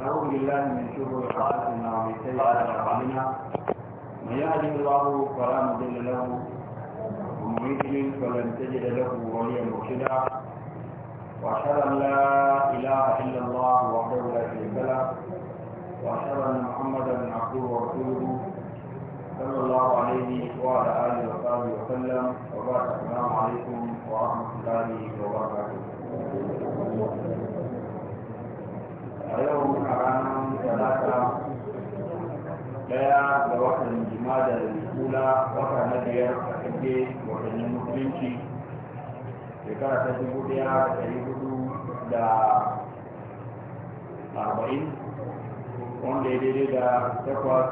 ونعوذ بالله من شرور انفسنا ومن سيئات اعمالنا من يهده الله فلا مضل له ومن يضلل فلن تجد له وليا مرشدا واشهد ان لا اله الا الله وحده لا شريك له واشهد ان محمدا عبده ورسوله صلى الله عليه وعلى اله وصحبه وسلم وبارك السلام عليكم ورحمه الله وبركاته a yau a ranar talata daya da watan jimada da kula wata na biyar a kake watannin musulunci shekara ta dubu daya da dari hudu da arba'in wanda ya daidai da takwas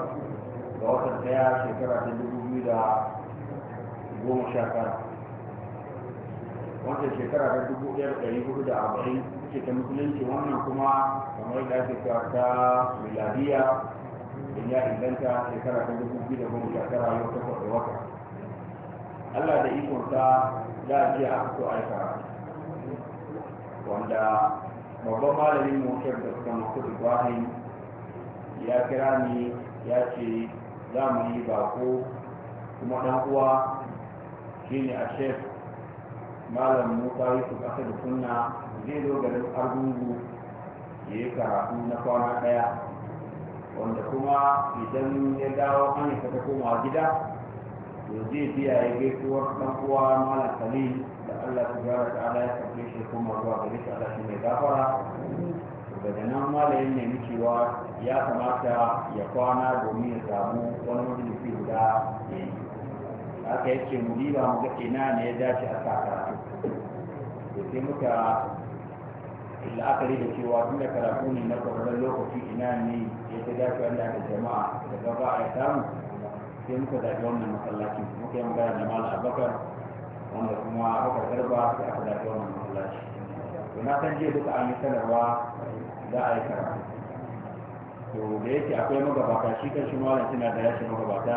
ga watan daya shekara ta dubu biyu da goma sha tara wanda shekara ta dubu daya da dari hudu da arba'in suke ta musulunci wannan kuma kamar da ake cewa ta miladiya in ya inganta shekara ta dubu biyu da goma sha tara yau ta da wata Allah da ikonsa za a iya aka so aika wanda babban malamin motar da suka masu ibrahim ya kira ni ya ce za mu yi bako kuma ɗan uwa shine a shek malam musa yusuf da sunna zai zo garin argungu ya yi karatu na kwana ɗaya wanda kuma idan ya dawo an yi ta koma gida to zai biya ya gaisuwar ɗan uwa malam kali da allah gara ta ala ya karɓe shi kuma zuwa ga shi allah shi mai gafara daga nan malayin nemi cewa ya kamata ya kwana domin ya samu wani majalisi guda ya aka yake mu diba mu ga ina ne ya dace a sa karatu to sai muka la'akari da cewa tun da karatu ne na kwararren lokaci ina ne ya ta dace wanda da jama'a daga gaba a samu sai muka zaɓi wannan masallaci muka yi magana da malam abubakar wanda kuma abakar garba sai aka zaɓi wannan masallaci to na san jiya duka an yi sanarwa za a yi karatu to da yake akwai magabata shi kan shi malam suna da yashi magabata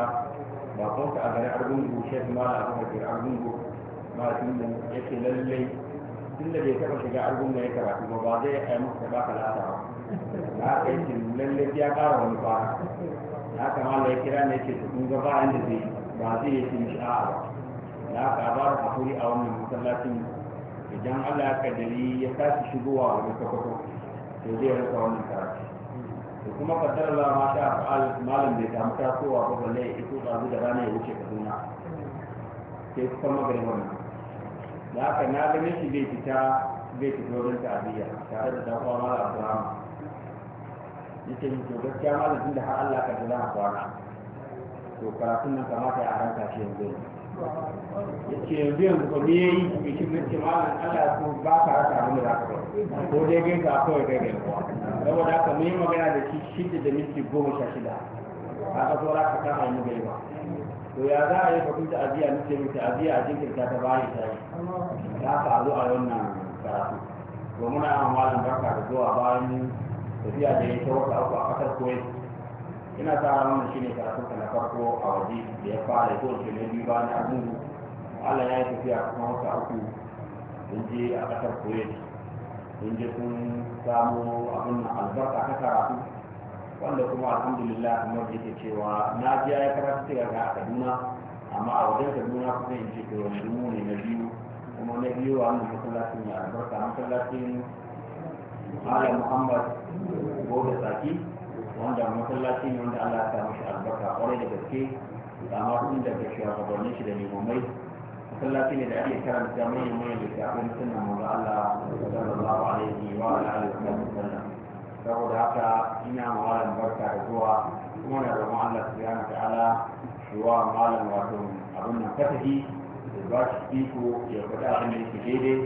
ba kawai a garin argungu shek malam abakar argungu malam yake lallai tunda bai taɓa shiga da ya karatu ba ba zai ai masa ba ka lada ba na aka yi lalle ya ƙara wani fara na kamala ya kira ne ce kun ga ba inda zai ba zai yi cin sha'a ba na aka ba da hakuri a wannan masallacin idan Allah ya kaddari ya tashi shigowa wani kwakwato to zai rasa wannan karatu da kuma kaddar Allah ma sha fa'al malam bai samu tasowa ba balle ya iso ɗazu da rana ya wuce ka Kaduna sai kuma magarin wannan da aka na ganin shi bai fita bai fita wurin ta'aziyya tare da dan uwa mala abdurrahman yake ni to gaskiya ma da har Allah ka za a kwana to karatun nan kamata ya aranta shi yanzu yace yanzu yanzu ko me yayi bikin nace malam Allah ko ba ka rasa abin da ka kai ko dai gai ka kawai kai gai kuwa saboda haka mun yi magana da shi shida da minti goma sha shida haka so za ka kama yi mu gaiwa to ya za a yi ta aziya na ce mai aziya a jinkirta ta bayi ta yi ya faru a wannan karatu to muna yawan malam barka da zuwa bayan tafiya da ya ta wata uku a kasar kuwait ina sa ranar shi ne karatun ta na farko a waje da ya fara ko ce ne biyu bayan abun Allah ya yi tafiya kuma wata uku sun je a kasar kuwait sun je sun samu abin albarka ta karatu wanda kuma alhamdulillah kamar da ke cewa na biya ya karatu sai ga kaduna amma a wajen kaduna kuma in ce to yanzu mu ne na biyu kuma na biyu a wannan masallacin ya albarka masallacin malam muhammad gobe tsaki wanda masallaci ne wanda allah ya sa mashi albarka kwarai da gaske amma tun daga shugabannin shi da limamai masallaci ne da ake karanta manyan manyan da shafin sunan maza allah sallallahu alaihi wa alihi wa sallam saboda haka ina malam barka da zuwa kuma na roƙon Allah subhanahu ta'ala ruwa malam wato abin nan fatahi da ba shi iko ya faɗa abin da yake daidai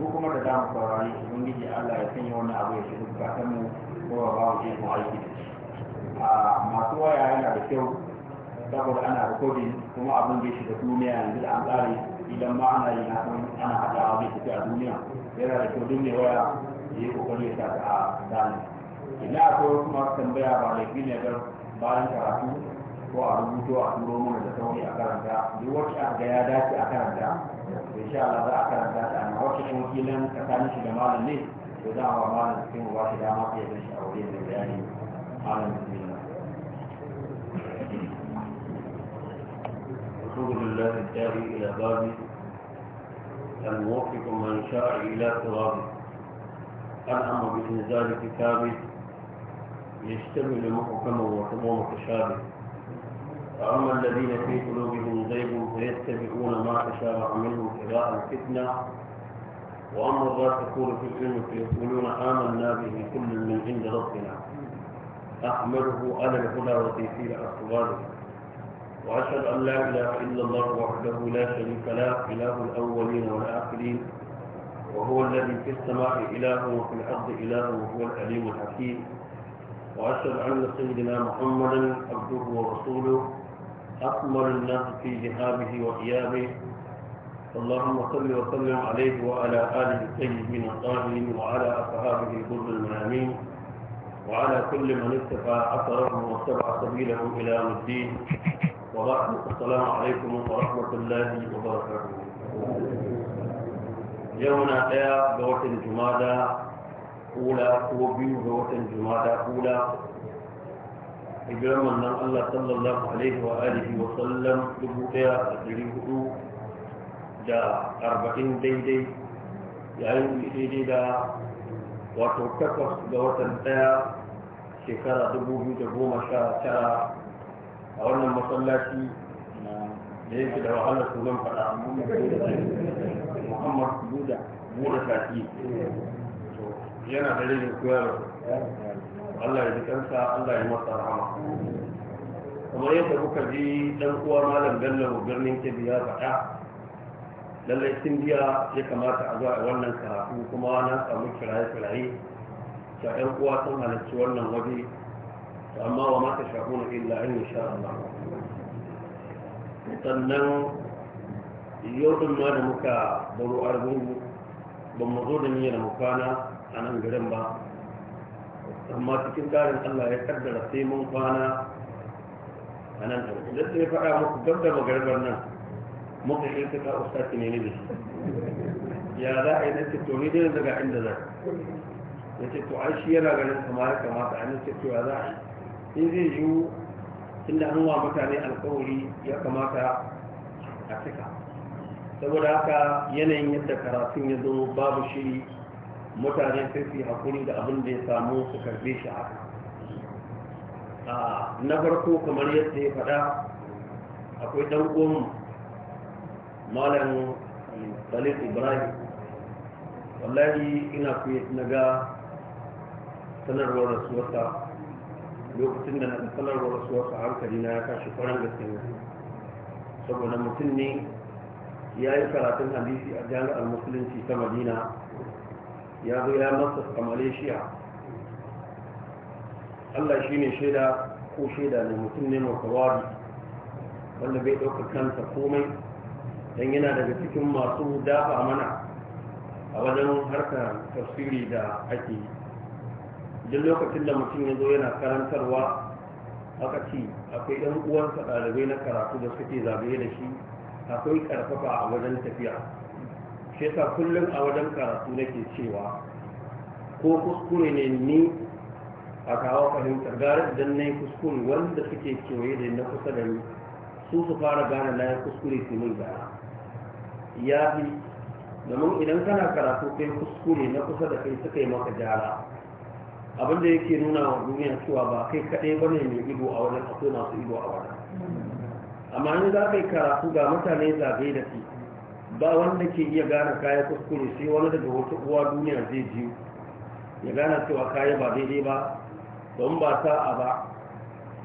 mu kuma da damu saurari ubangiji Allah ya sanya wani abu ya shiga zukatan mu ko ba ba mu iko aiki da shi masu waya yana da kyau saboda ana rikodin kuma abin da ya shiga duniya yanzu da an tsare idan ma ana yi na ana haɗa abin da a duniya yana da kyau duk mai waya ya yi kokari ya sa a dalilin ina akwai wasu masu tambaya ba laifi ne ga bayan karatu ko a rubuto a turo mana da sauri a karanta duk wacce aka ga ya dace a karanta to insha Allah za a karanta ta amma wacce kuma kilan tsakanin shi da malam ne to za a ba malam sai mu ba shi dama sai ya shi a wurin da bayani malam bismillah رسول الله الداعي إلى بابه الموفق من شاء إلى ترابه الأمر بإنزال كتابه يشتمل محكما متشابه فأما الذين في قلوبهم زيغ فيتبعون ما تشابه منه ابتغاء الفتنة وأما الراسخون في العلم فيقولون آمنا به كل من عند ربنا أحمده على الهدى وتيسير اقواله وأشهد أن لا إله إلا الله وحده لا شريك له إله الأولين والآخرين وهو الذي في السماء إله وفي الأرض إله وهو العليم الحكيم وأشهد أن سيدنا محمدا عبده ورسوله أكمل الناس في ذهابه وإيابه اللهم صل وسلم عليه وعلى آله الطيبين الطاهرين وعلى أصحابه الغر المنامين وعلى كل من اتبع أثرهم واتبع سبيلهم إلى يوم الدين وبعد السلام عليكم ورحمة الله وبركاته يومنا يا جوة الجمادى kula ko biyu ga watan jumada kula hijirar mannan Allah sallallahu alaihi wa alihi wa sallam dubu daya a dari hudu da arba'in daidai yayin daidai da wato takwas ga watan daya shekara dubu biyu da goma sha tara a wannan masallaci da yake da wahalar sunan faɗa muhammad buda buda shafi yana da rage koyarwa Allah ya ji kansa Allah ya masa rahama kamar yadda kuka ji dan uwa malam bello birnin kebbi ya faɗa lallai sun biya ya kamata a zuwa wannan karatu kuma na samu kiraye-kiraye ta yan uwa sun halarci wannan waje ta amma wa mata shakuna illa in sha Allah sannan yau din ma da muka baro argungu ban mu zo da niyyar mu kwana a nan garin ba amma cikin tsarin Allah ya kaddara sai mun kwana a nan garin da sai faɗa muku gab da magarbar nan muka shi suka ustaci ne ne da shi ya za a yi na ce to ni dai daga inda zai ya ce to an shi yana ganin kamar kamata a nan ce to ya za a yi in zai yiwu inda an wa mutane alkawari ya kamata a cika saboda haka yanayin yadda karatun ya zo babu shiri mutane sai su hakuri da abin da ya samu su karbe shi haka na farko kamar yadda ya faɗa akwai ɗan uwan malam khalid ibrahim wallahi ina ku na ga sanarwar rasuwarsa lokacin da na sanarwar rasuwarsa hankali na ya kashi kwaran gaske saboda mutum ne ya yi karatun hadisi a jami'ar musulunci ta madina ya zo ya masa a malaysia allah shi ne shaida ko shaida ne mutum ne makawari wanda bai ɗauka kansa komai don yana daga cikin masu dafa mana a wajen harkar tafsiri da ake yi duk lokacin da mutum ya zo yana karantarwa aka ce akwai ɗan uwansa ɗalibai na karatu da suke zagaye da shi akwai ƙarfafa a wajen tafiya shi yasa kullum a wajen karatu nake cewa ko kuskure ne ni a kawo fahimtar gara idan na yi kuskure wanda suke kewaye da na kusa da ni su su fara gane na yi kuskure su min gara ya fi domin idan kana karatu kai kuskure na kusa da kai suka yi maka jara abinda da yake nuna wa duniya cewa ba kai kaɗai ba ne mai ido a wajen akwai masu ido a wajen amma in za ka yi karatu ga mutane zagaye da su ba wanda ke iya gane kaya kuskure sai wani daga wata uwa duniya zai ji ya gane cewa kaya ba daidai ba don ba sa'a ba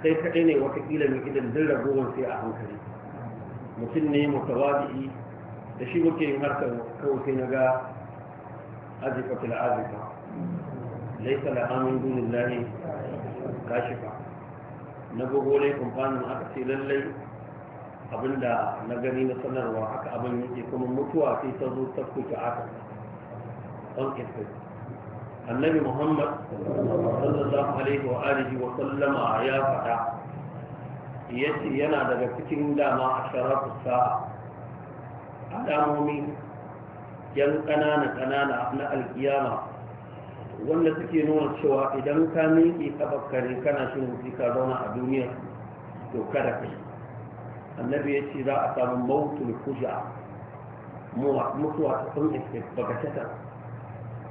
sai kaɗai ne watakila mai idan din ragowar sai a hankali mutum ne mutawadi'i da shi muke yin harkar kawai sai na ga azifa fil azifa laisa la amin dunin lahi kashifa na gogo ne kumfanin aka ce lallai abinda na gani na sanarwa haka abin yake kuma mutuwa sai ta zo ta kuta haka on effect annabi muhammad sallallahu alaihi wa alihi wa sallama ya faɗa yace yana daga cikin dama a sharafu sa'a alamomi yan ƙanana ƙanana na alkiyama wanda suke nuna cewa idan ka miƙe kafarka ne kana shirin wuce ka zauna a duniya to kada ka yi النبي يأتي إذا أتى الموت الخجع مطوعة تنعك بكتة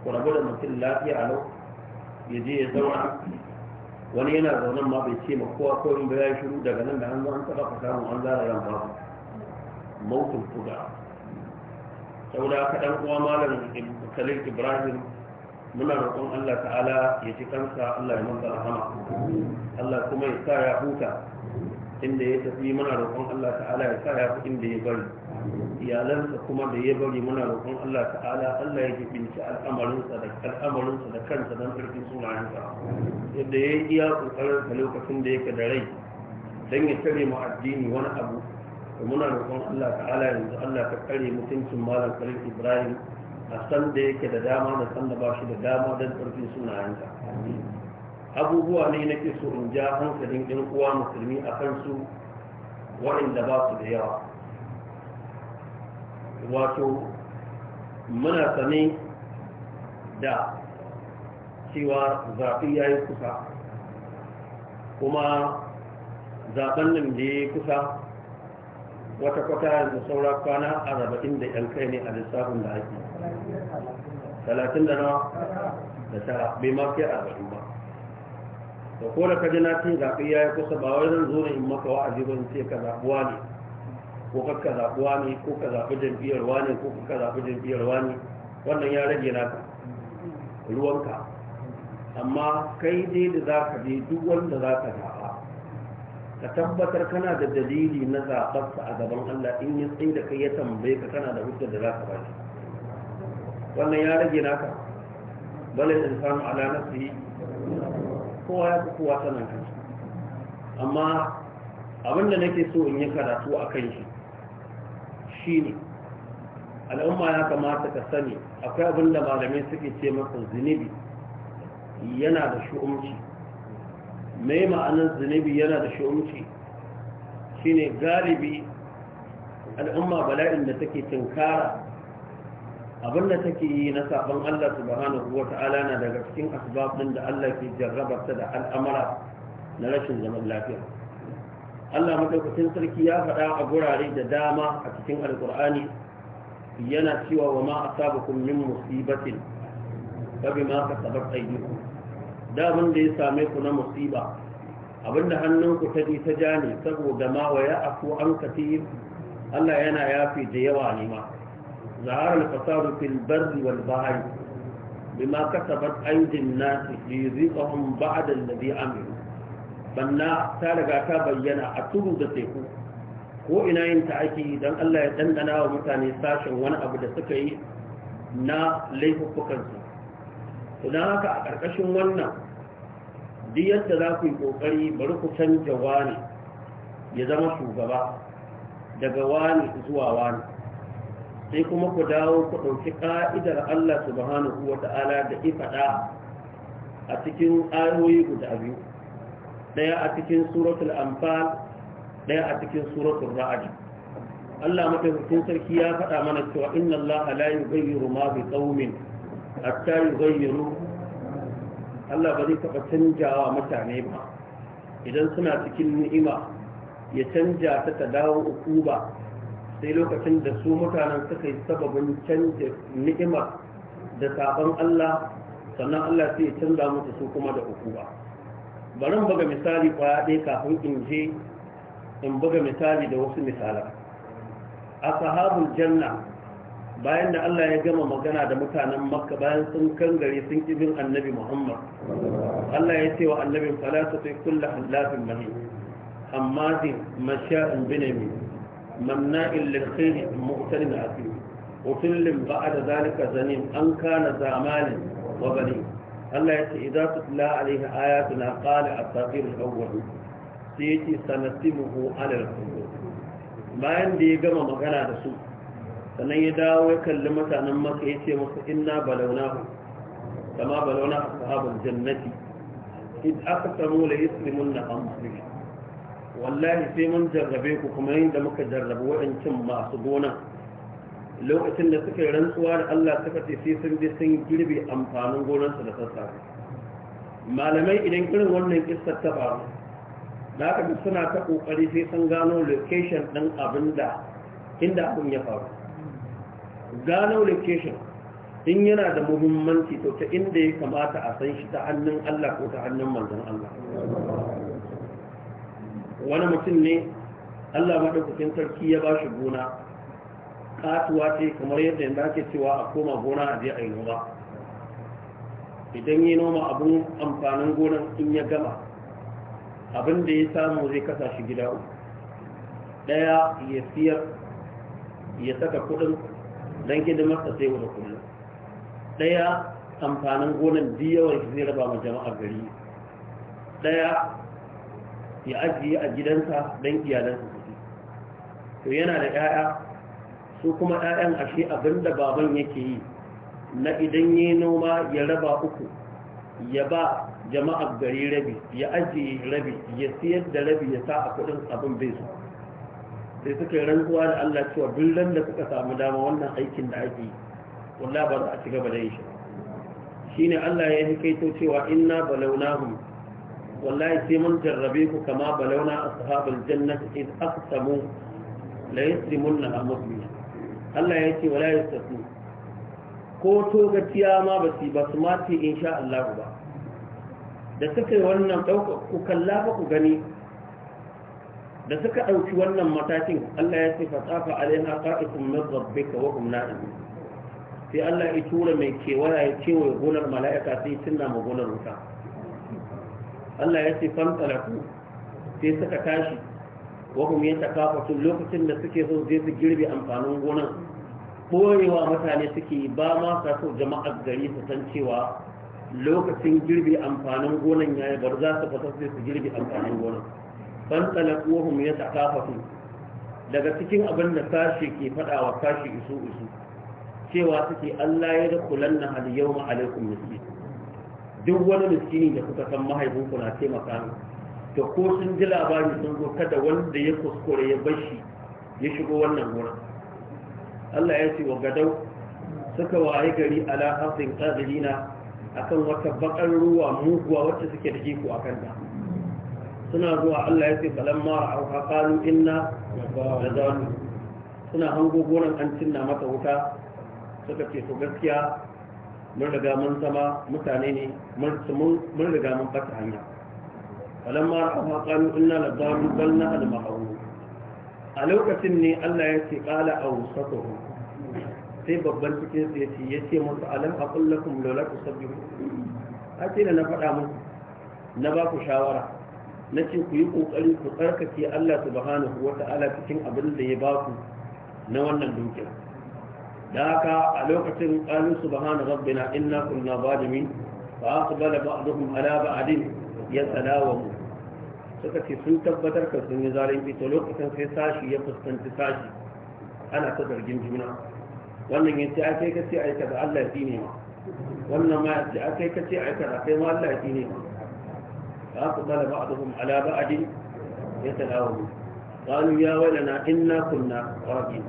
ورغولا من تل لا يعلو يجي يزوع ونينا غنم ما بيتي مقوى كل من بلاي شروع دا غنم بحنو أنت بقسام وأنزال يا مرض موت الخجع سولا كتن قوى مالا خليل إبراهيم من الرقم الله تعالى يجي كنسا الله يمنظر أهمه الله كما يستعي أخوته inda ya tafi muna roƙon Allah ta'ala ya sa ya fi inda ya bari iyalansa kuma da ya bari muna roƙon Allah ta'ala Allah ya jibinci al'amarinsa da al'amarinsa da kansa don ƙarfin sunayensa yadda ya yi iya ƙoƙarinsa lokacin da yake da rai don ya tare mu addini wani abu da muna roƙon Allah ta'ala yanzu Allah ka kare mutuncin malam Khalil Ibrahim a san da yake da dama da san da ba shi da dama don ƙarfin sunayensa abubuwa ne nake so in ja hankalin ɗan uwa musulmi a kansu waɗanda ba su da yawa wato muna sane da cewa zaɓi ya yi kusa kuma zaɓen nan da ya yi kusa wata-kwata yanzu saura kwana a arba'in da yan kai ne a lissafin da ake talatin da nawa da tara bai ma kai arba'in ba da ko da kaji na ce zaɓe ya yi kusa ba wai zan zo ne in maka wa'azi ba in ce ka zaɓuwa ne ko ka zaɓuwa ne ko ka zaɓi jam'iyyar wani ko ka zaɓi jam'iyyar wani wannan ya rage naka ruwanka amma kai dai da za ka je duk wanda za ka zaɓa ka tabbatar kana da dalili na zaɓarsa a gaban Allah in ya tsaye da kai ya tambaye ka kana da hujjar da za ka ba shi wannan ya rage naka balai insanu ala nafsihi kowa ya fi kowa sanin kansa amma abin da nake so in yi karatu a kan shi shine al'umma ya kamata ka sani akwai abin da malamai suke ce masa zunubi yana da shu'umci mai ma'anar zunubi yana da shu'umci shine galibi al'umma bala'in da take tinkara abin da take yi na sabon Allah subhanahu wa ta'ala na daga cikin asbab da Allah ke jarrabarta da al'amara na rashin zaman lafiya Allah madaukakin sarki ya faɗa a gurare da dama a cikin alkur'ani yana cewa wa ma asabakum min musibatin fa bima kasabat aydikum da abin da ya same ku na musiba abinda hannunku ta ji ta ja ne saboda ma wa ya afu an katir Allah yana yafi da yawa ne ma ظهر الفساد في البر والبحر بما كسبت أيدي الناس ليذيقهم بعد الذي عملوا banna ta riga ta bayyana a tudu da teku ko ina yin ta ake don Allah ya dandana wa mutane sashen wani abu da suka yi na laifuffukansu idan haka a ƙarƙashin wannan duk yadda za ku yi ƙoƙari bari ku canja wani ya zama shugaba daga wani zuwa wani sai kuma ku dawo ku ɗauki ƙa'idar Allah subhanahu wa ta'ala da ifaɗa a cikin ayoyi guda biyu ɗaya a cikin suratul anfal ɗaya a cikin suratul ra'd Allah madaukakin sarki ya faɗa mana cewa inna Allah la yughayyiru ma bi qaumin hatta yughayyiru Allah ba zai taɓa canjawa mutane ba idan suna cikin ni'ima ya canja ta ta dawo ukuba sai lokacin da su mutanen suka yi sababin canja ni'ima da sabon Allah sannan Allah sai ya canza musu su kuma da hukuma barin buga misali kwaya ɗaya kafin in je in buga misali da wasu misalan ashabul janna bayan da Allah ya gama magana da mutanen makka bayan sun gare sun kibin annabi muhammad Allah ya ce wa annabin falasa fi kullu halafin mahin hammazin masha'in binami ممناع للخير مغترم أثيم وفل بعد ذلك زنيم أن كان ذا مال وبنين الله يأتي إذا تتلى عليه آياتنا قال التغيير الأول سيتي سنتمه على الخير ما عندي قمى مغنى رسول sannan ya dawo ya kalli mutanen maka ya ce masu inna balaunahu kama balauna ashabul jannati id aka samu la yuslimun na amsiri wallahi sai mun jarrabe ku kuma yin muka jarrabe waɗancan masu gona lokacin da suka yi rantsuwa da Allah suka ce sai sun je sun girbe amfanin gonarsu da sassa malamai idan irin wannan kissa ta faru da aka bi suna ta kokari sai sun gano location ɗin abin inda abin ya faru gano location in yana da muhimmanci to ta inda ya kamata a san shi ta hannun Allah ko ta hannun manzon Allah wani mutum ne Allah madaukakin sarki ya ba shi gona katuwa ce kamar yadda yadda ake cewa a koma gona a je a yi noma idan yi noma abin amfanin gonan in ya gama abin da ya samu zai kasa shi gida uku ɗaya ya siyar ya saka kudin don hidimarsa sai wata kullum ɗaya amfanin gonan biyawar shi zai raba ma jama'a gari ɗaya. ya ajiye a gidansa don iyalansa su to yana da 'ya'ya su kuma 'ya'yan ashe abinda baban yake yi na idan yi noma ya raba uku ya ba jama'a gari rabi ya ajiye rabi ya siyar da rabi ya sa a kudin abin bai su sai suka yi rantsuwa da Allah cewa duk ran da suka samu dama wannan aikin da ake yi wallahi ba za a ci gaba da yin shi shine Allah ya hikaito cewa inna balaunahu. wallahi sai mun jarrabe ku kama balauna ashabul jannati id aqsamu la yasrimunna amudina Allah ya ce wala yastasu ko to gaciya ma ba su ba su ma ce insha Allah ba da suka yi wannan dauka ku kalla ba ku gani da suka dauki wannan matakin Allah ya ce fa tsafa alaiha qa'itun min rabbika wa hum na'imun sai Allah ya tura mai kewaya ya kewaye gonar mala'ika sai tunna ma gonar wuta Allah ya ce fantalaku sai suka tashi kuma ya takafatun lokacin da suke so zai su girbe amfanin gonan koyewa mutane suke ba ma ka so jama'a gari su san cewa lokacin girbe amfanin gonan ya yi bar za su fata sai su girbe amfanin gonan fantalaku kuma ya takafatun daga cikin abin da sashi ke faɗawa wa sashi isu isu cewa suke Allah ya da na hal yawma alaikum miskin duk wani miskini da kuka san mahaifinku na taimaka to ko sun ji labari sun zo kada wanda ya kuskure ya bashi ya shigo wannan wurin Allah ya ce wa gadau suka waye gari ala hafin qadirina akan wata bakar ruwa muguwa wacce suke da jiko a kanta. suna zuwa Allah ya ce falamma ra'awha qalu inna lazalu suna hango gonan an cinna mata wuta suka ce to gaskiya mun riga mun zama mutane ne mun riga mun fata hanya falamma ra'aha qalu inna ladalu bal na'al ma'ruf a lokacin ne Allah ya ce ƙala qala awsatuhum sai babban cikin su yace yace musu alam aqul lakum lawla tusabbihu ace na faɗa muku na ba ku shawara na ce ku yi ƙoƙari ku tsarkake Allah subhanahu wa ta'ala cikin abin da ya ba ku na wannan dukiyar da haka a lokacin bahan rabbi na inna kunna ba Ba zalimin fa aqbala ba'dhum ala ba'din yatalawamu suka ce sun tabbatar ka sun yi zalunci to lokacin sai sashi ya fuskanci sashi ana ta zargin juna wannan ya ce ai kai kace ai kaza Allah ya ne ma wannan ma yace ai kai kace ka kaza kai ma Allah ya ne ma fa aqbala ba'dhum ala wa mu. قالوا يا ولنا إنا كنا غرقين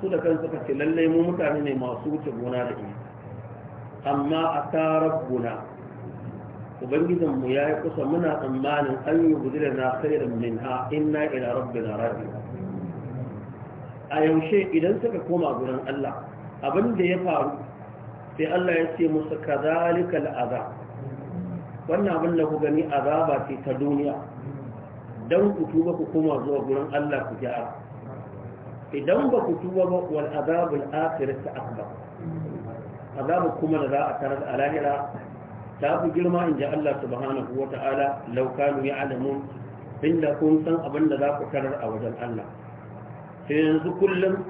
su da kansu suka ce lallai mu mutane ne masu wuce gona da ina amma a tarar gona ubangijinmu ya yi kusa muna tsammanin an yi gudura na nasarar min ha inna ila na raji'un a yaushe idan suka koma gurin Allah abin ya faru sai Allah ya ce musu zalika la'aza. wannan abin da ku gani azaba ce ta duniya don ku tuba ku koma zuwa gurin Allah ku ji idan ba ku tuba ba wal azabul akhirah ta akbar azabu kuma da za a tarar a lahira ta fi girma in ji Allah subhanahu wa ta'ala laukanu ya alamun inda kun san abin da za ku tarar a wajen Allah sai yanzu kullum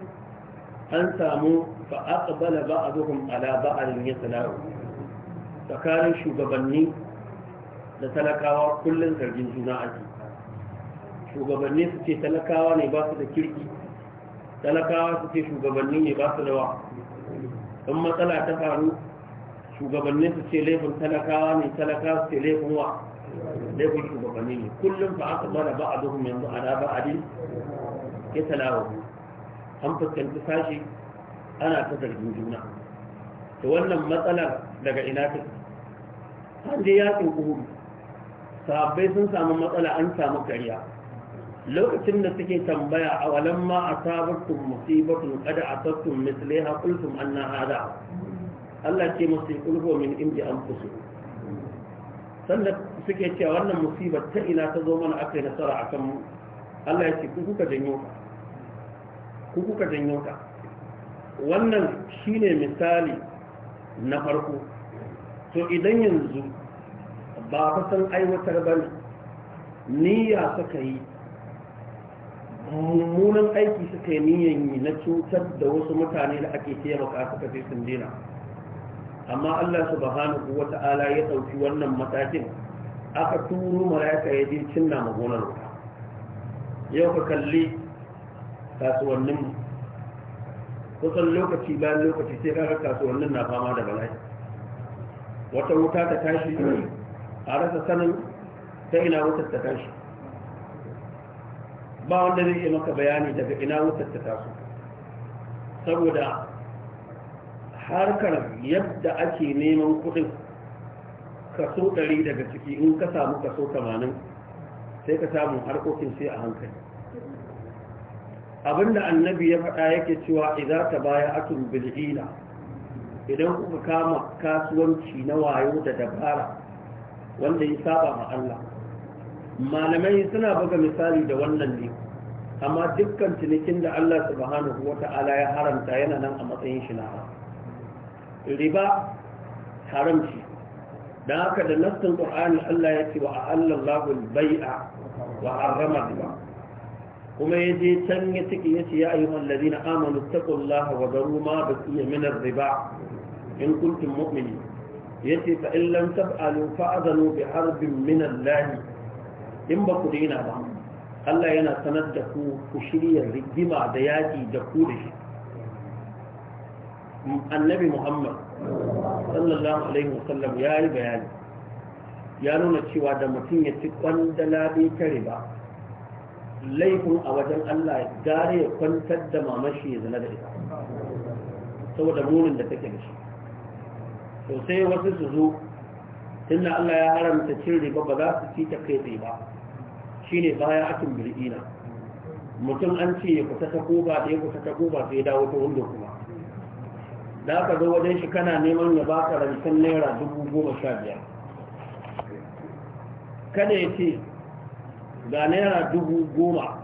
an samu fa aqbala ba'dhum ala ba'dhin yasla'u tsakanin shugabanni da talakawa kullum zargin juna ake shugabanni su ce talakawa ne ba su da kirki talakawa suke shugabanni ne ba su da wa. in matsala ta faru shugabannin su ce laifin talakawa ne talakawa su ce laifin wa laifin shugabanni ne kullum fa aka mara ba a duhun yanzu a raba a din ya talawa an fuskanci sashi ana ta zargin juna da wannan matsalar daga ina ta an je yakin uhuru sahabbai sun samu matsala an samu karya. lokacin da suke tambaya a walan ma a sabatun musibatun kada a sattun misalai ha kulfin an na hada Allah ce musu kulfo min inji an fusu sannan suke cewa wannan musibar ta ina ta zo mana aka yi nasara a kan mu Allah ya ce ku kuka janyo ka ku kuka janyo ka wannan shine misali na farko to idan yanzu ba ka san aiwatar ba ya suka yi mummunan aiki suka yi niyan yi na cutar da wasu mutane da ake taimaka suka fi sun dina amma Allah subhanahu Ta'ala ya ɗauki wannan matakin aka turo mala'ika ya je cinna magonar wuta yau ka kalli kasuwannin kusan lokaci bayan lokaci sai kaga kasuwannin na fama da bala'i wata wuta ta tashi a rasa sanin ta ina wutar ta tashi ba wanda zai yi maka bayani daga ina wutar ta taso saboda harkar yadda ake neman kudin kaso 100 daga ciki in ka samu kaso 80 sai ka samu harkokin sai a hankali abinda annabi ya faɗa yake cewa idan ta baya atun bilhina, idan kuka kama kasuwanci na wayo da dabara wanda ya saba ma Allah malamai suna buga misali da wannan ne amma dukkan cinikin da Allah subhanahu wata'ala ya haramta yana nan a matsayin shi na riba haramci don haka da nassin qur'ani Allah ya ce wa ahallallahu al-bai'a wa harrama riba kuma ya je can ya ciki ya ce ya ayyuhan ladina amanu taqullaha wa daru ma baqiya min riba in kuntum mu'minin yace fa in lam fa'adhanu bi harbin min Allah in ba ku daina ba Allah yana sanar da ku ku shirya rigima da yaƙi da ku da shi annabi Muhammad sallallahu alaihi wasallam ya yi bayani ya nuna cewa da mutum ya ci kwandala bai kare ba laifin a wajen Allah gare ya kwantar da mamashi ya zana da ita saboda munin da take da shi to sai wasu su zo tunda Allah ya haramta cin riba ba za su ci ta kai ba shine baya akin bil'ina mutum an ce ya fita ta koba da ya fita ta koba sai ya dawo ta wanda kuma da aka zo wajen shi kana neman ya baka rancen naira dubu goma sha biyar kada ya ce ga naira dubu goma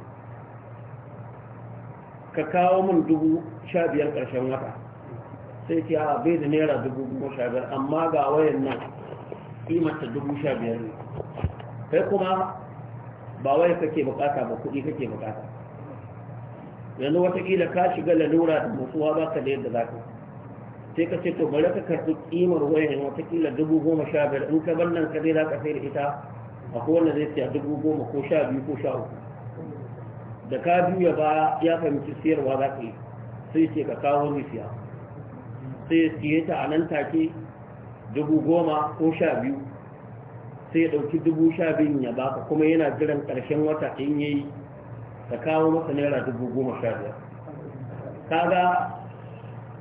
ka kawo min dubu sha biyar ƙarshen wata sai ce a bai da naira dubu goma sha biyar amma ga wayan nan kimanta dubu sha biyar ne kai kuma ba waya kake bukata ba kuɗi kake bukata yanzu watakila ka shiga lalura da mutuwa ba ka da yadda za ka sai ka ce to bari ka karɓi ƙimar wayar watakila dubu goma sha biyar in ka bar nan ka zai za ka sai da ita a kowane zai siya dubu goma ko sha biyu ko sha uku da ka juya ba ya fahimci siyarwa za ka yi sai ce ka kawo ni siya sai siye ta a nan take dubu goma ko sha biyu sai ya ɗauki dubu sha biyun ya baka kuma yana jiran ƙarshen wata in yi ta kawo masa naira dubu goma sha biyar kaga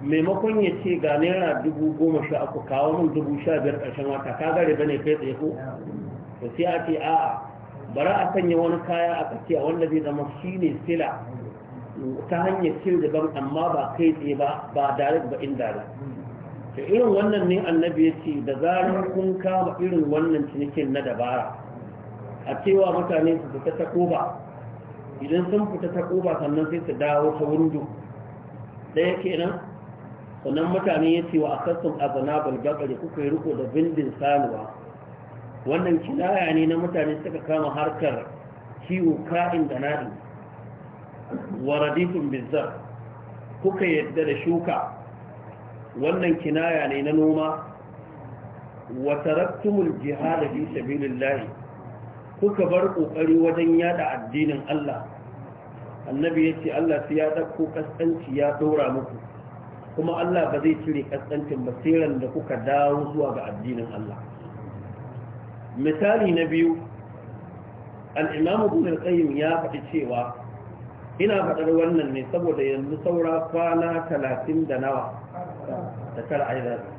maimakon ya ce ga naira dubu goma sha uku kawo min dubu sha biyar ƙarshen wata kaga riba ne kai tsaye ko to sai a ce a'a bara a sanya wani kaya a tsakiya wanda zai zama shine sila ta hanyar cin daban amma ba kai tsaye ba ba direct ba indirect da irin wannan ne annabi ya ce da zarar kun kama irin wannan cinikin na dabara a cewa mutane su fita ta koba idan sun fita ta koba sannan sai su dawo ta windo ɗaya kenan sannan mutane ya ce wa a sassan azana balgabari kuka yi riko da bindin sanuwa wannan kinaya ne na mutane suka kama harkar kiwo ka'in da nadi wa radifin bizar kuka yadda da shuka wannan kinaya ne na noma wa taraktumul jihad fi sabilillah kuka bar kokari wajen yada addinin Allah annabi yace Allah sai ya dauko kasanci ya dora muku kuma Allah ba zai cire kasancin ba basiran da kuka dawo zuwa ga addinin Allah misali na biyu al imam ibn qayyim ya faɗi cewa ina faɗar wannan ne saboda yanzu saura kwana talatin da nawa da kar a yi zaɓe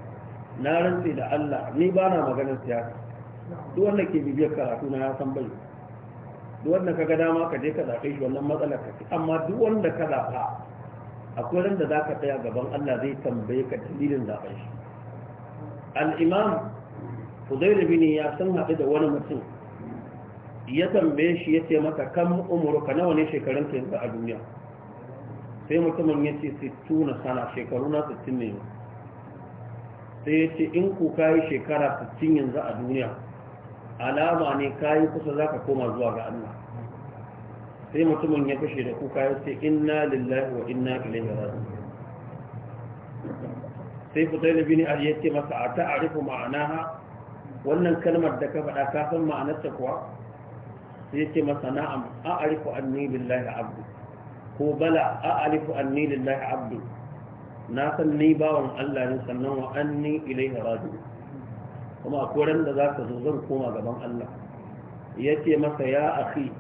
na rantse da Allah ni ba na maganar siyasa duk wanda ke bibiyar karatu na ya san bai duk wanda ka ga dama ka je ka zaɓe shi wannan matsalar ka ce amma duk wanda ka zaɓa akwai ran da za ka tsaya gaban Allah zai tambaye ka dalilin zaɓen shi al'imam Fudayl bin ya san haɗu da wani mutum ya tambaye shi ya ce mata kan ka nawa ne shekarun ka yanzu a duniya sai mutumin ya ce sai na sana shekaru na 60 ne sai ya ce in ku kayi shekara 60 yanzu a duniya alama ne kayi kusa za ka koma zuwa ga Allah sai mutumin ya kashe da kuka ya ce inna lillahi wa inna ilaihi raji'un sai fitar fudayl bin ali yace masa a ta'rifu ma'anaha wannan kalmar da ka faɗa ka san ma'anarta kuwa sai ya yace masa na'am a'rifu anni lillahi abdu ko bala a'rifu anni lillahi abdu na san ni bawan Allah ne sannan wa an ni ilaihi raji'un kuma akwai ran da ka zo zan koma gaban Allah ya ce masa ya akhi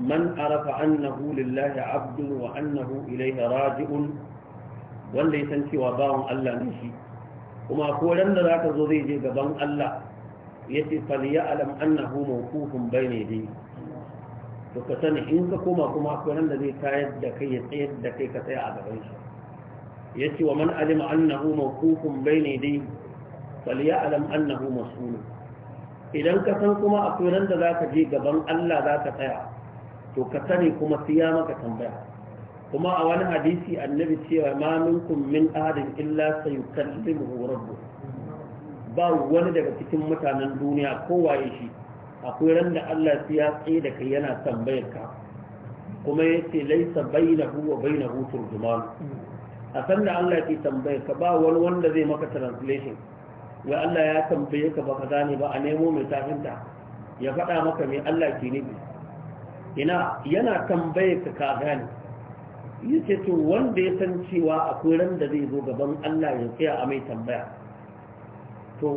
man arafa annahu lillahi abdun wa annahu ilaihi raji'un wanda ya san cewa bawan Allah ne shi kuma akwai ran da ka zo zai je gaban Allah ya ce yace falya'lam annahu mawqufun bayni dai to ka sani in ka koma kuma akwai ran da zai tayar da kai ya tsayar da kai ka tsaya a gaban shi yace wa man alima annahu mawqufun bayna yadayhi falyalam annahu mas'ul idan ka san kuma akwai randa da zaka je gaban Allah zaka tsaya to ka sani kuma siya maka tambaya kuma a wani hadisi annabi cewa ma minkum min ahadin illa sayukallimuhu rabbuh ba wani daga cikin mutanen duniya kowaye shi akwai randa da Allah ya tsaye da kai yana tambayar ka kuma yace laisa bainahu wa bainahu turjuman a sanda Allah ke tambaye ka ba wani wanda zai maka translation ya Allah ya tambaye ka baka zane ba a nemo mai tafinta ya faɗa maka mai Allah ke nufi ina yana tambaye ka ka gane ce to wanda ya san cewa akwai ran da zai zo gaban Allah ya tsaya a mai tambaya to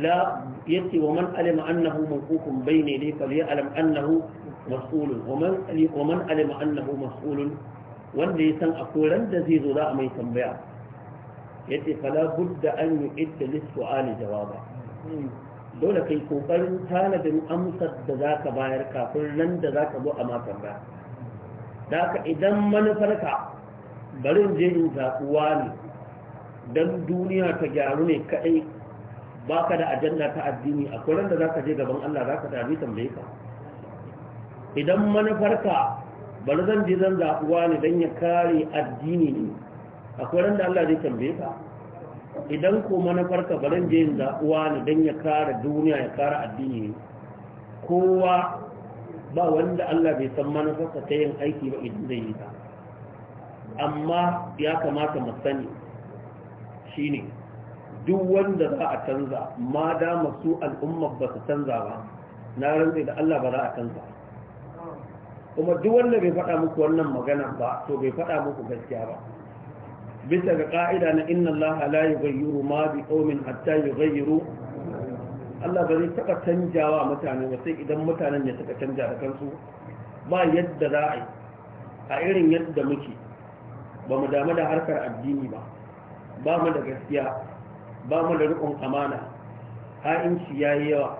la yace wa man alima annahu mawqufun bayni li fali alam annahu mas'ulun wa man alima annahu mas'ulun wanda ya san akwai ran da zai zo za a mai tambaya yace fala budda an idda lis-su'ali jawaba dole kai kokarin tanadin amsar da zaka bayar kafin nan da zaka zo a ma tambaya da ka idan manufarka barin je in zaɓuwa ne don duniya ta gyaru ne kaɗai ba ka da ajanda ta addini a koran da za ka je gaban Allah za ka tambaye ka idan manufarka bari zan je zan zaɓuwa ne don ya kare addini ne akwai ran da Allah zai tambaye ka idan ko manufarka bari je yin zaɓuwa ne don ya kare duniya ya kare addini ne kowa ba wanda Allah bai san manufarka ta yin aiki ba idan zai yi ta amma ya kamata mu sani shine duk wanda za a canza ma da masu al'umma ba su canza ba na rantsa da Allah ba za a canza ba kuma duk wanda bai faɗa muku wannan magana ba to bai faɗa muku gaskiya ba bisa ga ka'ida na inna Allah la yughayyiru ma bi qaumin hatta yughayyiru Allah ba zai taɓa canjawa mutane ba sai idan mutanen ne suka canja da kansu ba yadda za a yi a irin yadda muke ba mu damu da harkar addini ba ba mu da gaskiya ba mu da riƙon amana ha'inci yayi yawa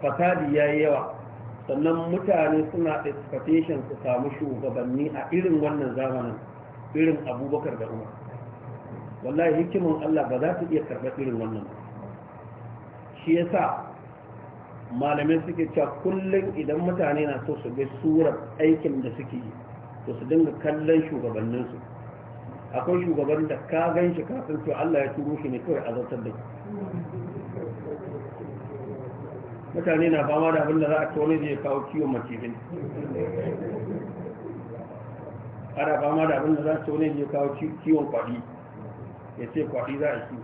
fasadi yayi yawa sannan mutane suna expectation su samu shugabanni a irin wannan zamanin irin abubakar da umar wallahi hikimin allah ba za ta iya karɓar irin wannan shi ya sa malamai suke cewa kullum idan mutane na so su ga surar aikin da suke yi to su dinga kallon shugabanninsu akwai shugaban da ka gan shi kafin to allah ya turo shi ne kawai a zartar da mutane na fama da abin da za a kawo zai kawo kiwon macizai ana fama da abin da za a kawo zai kawo kiwon kwaɗi ya ce kwaɗi za a kiwo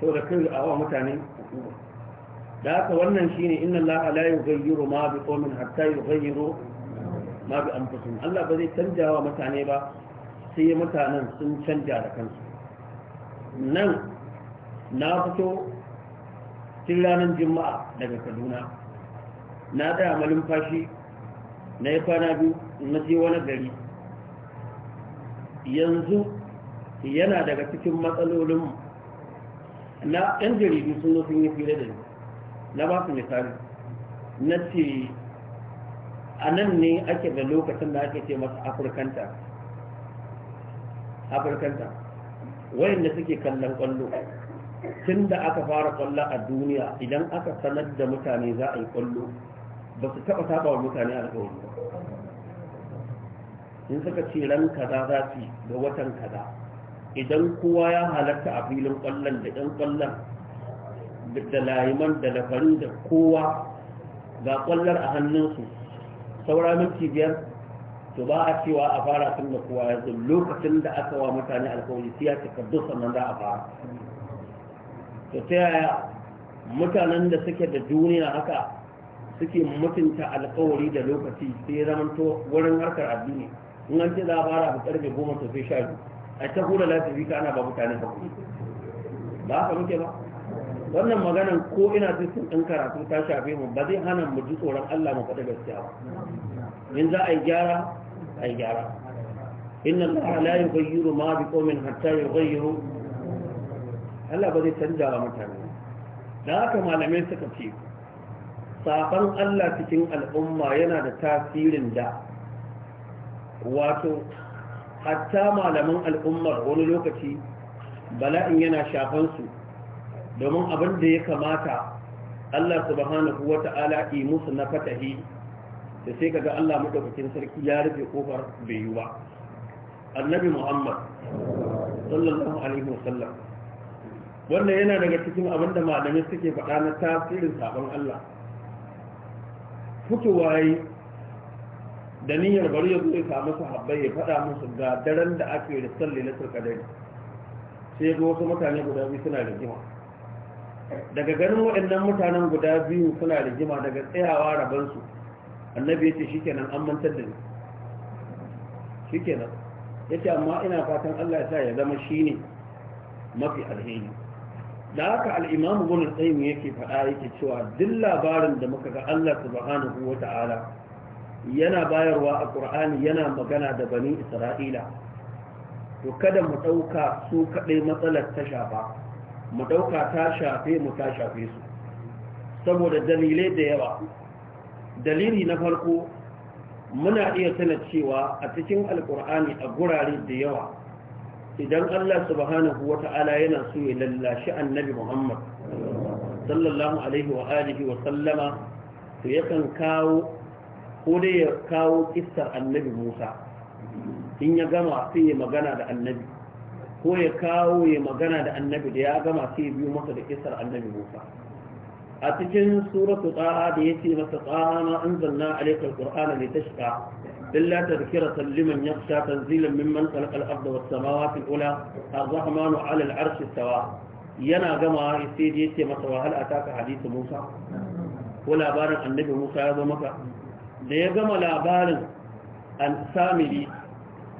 sau da kai a wa mutane hukuma da haka wannan shi shine inna Allah la yughayyiru ma bi qaumin hatta yughayyiru ma bi anfusihim Allah ba zai canja wa mutane ba sai mutanen sun canja da kansu nan na fito tun ranar juma'a daga kaduna na tsaya malin fashi na yi kwana biyu na je wani gari yanzu yana daga cikin matsalolin na yan jaridu sun zo sun yi fira da ni na ba su misali na ce a nan ne ake da lokacin da ake ce masu afirkanta afirkanta wayanda suke kallon kwallo tun da aka fara kwallo a duniya idan aka sanar da mutane za a yi kwallo ba su taɓa saba wa mutane alƙawari ba in suka ce ran kaza za su ga watan kaza idan kowa ya halatta a filin kwallon da ɗan kwallon da layiman da lafari da kowa ga kwallar a hannunsu saura minti biyar to ba a cewa a fara tun da kowa ya zo lokacin da aka wa mutane alƙawari sai ya cika duk za a fara to ta yaya mutanen da suke da duniya haka suke mutunta alkawari da lokaci sai ya to wurin harkar addini in an ce za a fara karfe goma to sai sha biyu a ta hura lafiya ka ana ba mutane ba ba haka muke ba wannan maganan ko ina sun ɗin karatu ta shafe mu ba zai hana mu ji tsoron Allah mu faɗi gaskiya ba in za a yi gyara a yi gyara inna Allah la yughayyiru ma bi qaumin hatta yughayyiru Allah ba zai canja wa mutane da haka malamai suka ce safan Allah cikin al'umma yana da tasirin da wato hatta malaman al'ummar wani lokaci bala'in yana shafan su domin abin da ya kamata Allah subhanahu wa ta'ala yi musu na fatahi da sai kaga Allah madaukakin sarki ya rufe kofar bai yi ba annabi Muhammad sallallahu alaihi wasallam wannan yana daga cikin abin da malami suke faɗa na tasirin sabon Allah fitowa waye da niyyar bari ya zuwa samu habbai ya faɗa musu ga daren da ake da salli na sarkadai sai ga wasu mutane guda biyu suna rigima daga ganin waɗannan mutanen guda biyu suna rigima daga tsayawa rabansu annabi ya ce shikenan an mantar da ni shikenan ya ce amma ina fatan Allah ya sa ya zama shine mafi alheri da haka al'imam gudun tsayin yake faɗa yake cewa duk labarin da muka ga Allah subhanahu wa ta'ala yana bayarwa a ƙur'ani yana magana da bani isra'ila to kada mu ɗauka su kaɗai matsalar ta shafa mu ɗauka ta shafe mu ta shafe su saboda dalilai da yawa dalili na farko muna iya sanar cewa a cikin alƙur'ani a gurare da yawa idan Allah subhanahu ta'ala yana so ya lallashi annabi Muhammad sallallahu alaihi wa alihi wa sallama to yakan kawo ko dai ya kawo kissar annabi Musa in ya gama sai ya magana da annabi ko ya kawo ya magana da annabi da ya gama sai ya biyo masa da kissar annabi Musa a cikin suratu taha da yace masa taha ma anzalna ne ta shiga. إلا تذكرة لمن يخشى تنزيلا ممن خلق الأرض والسماوات الأولى الرحمن على العرش استوى yana gama sai ya ce masa wahala a taka hadisi Musa ko labarin annabi Musa ya zo maka da ya gama labarin an samiri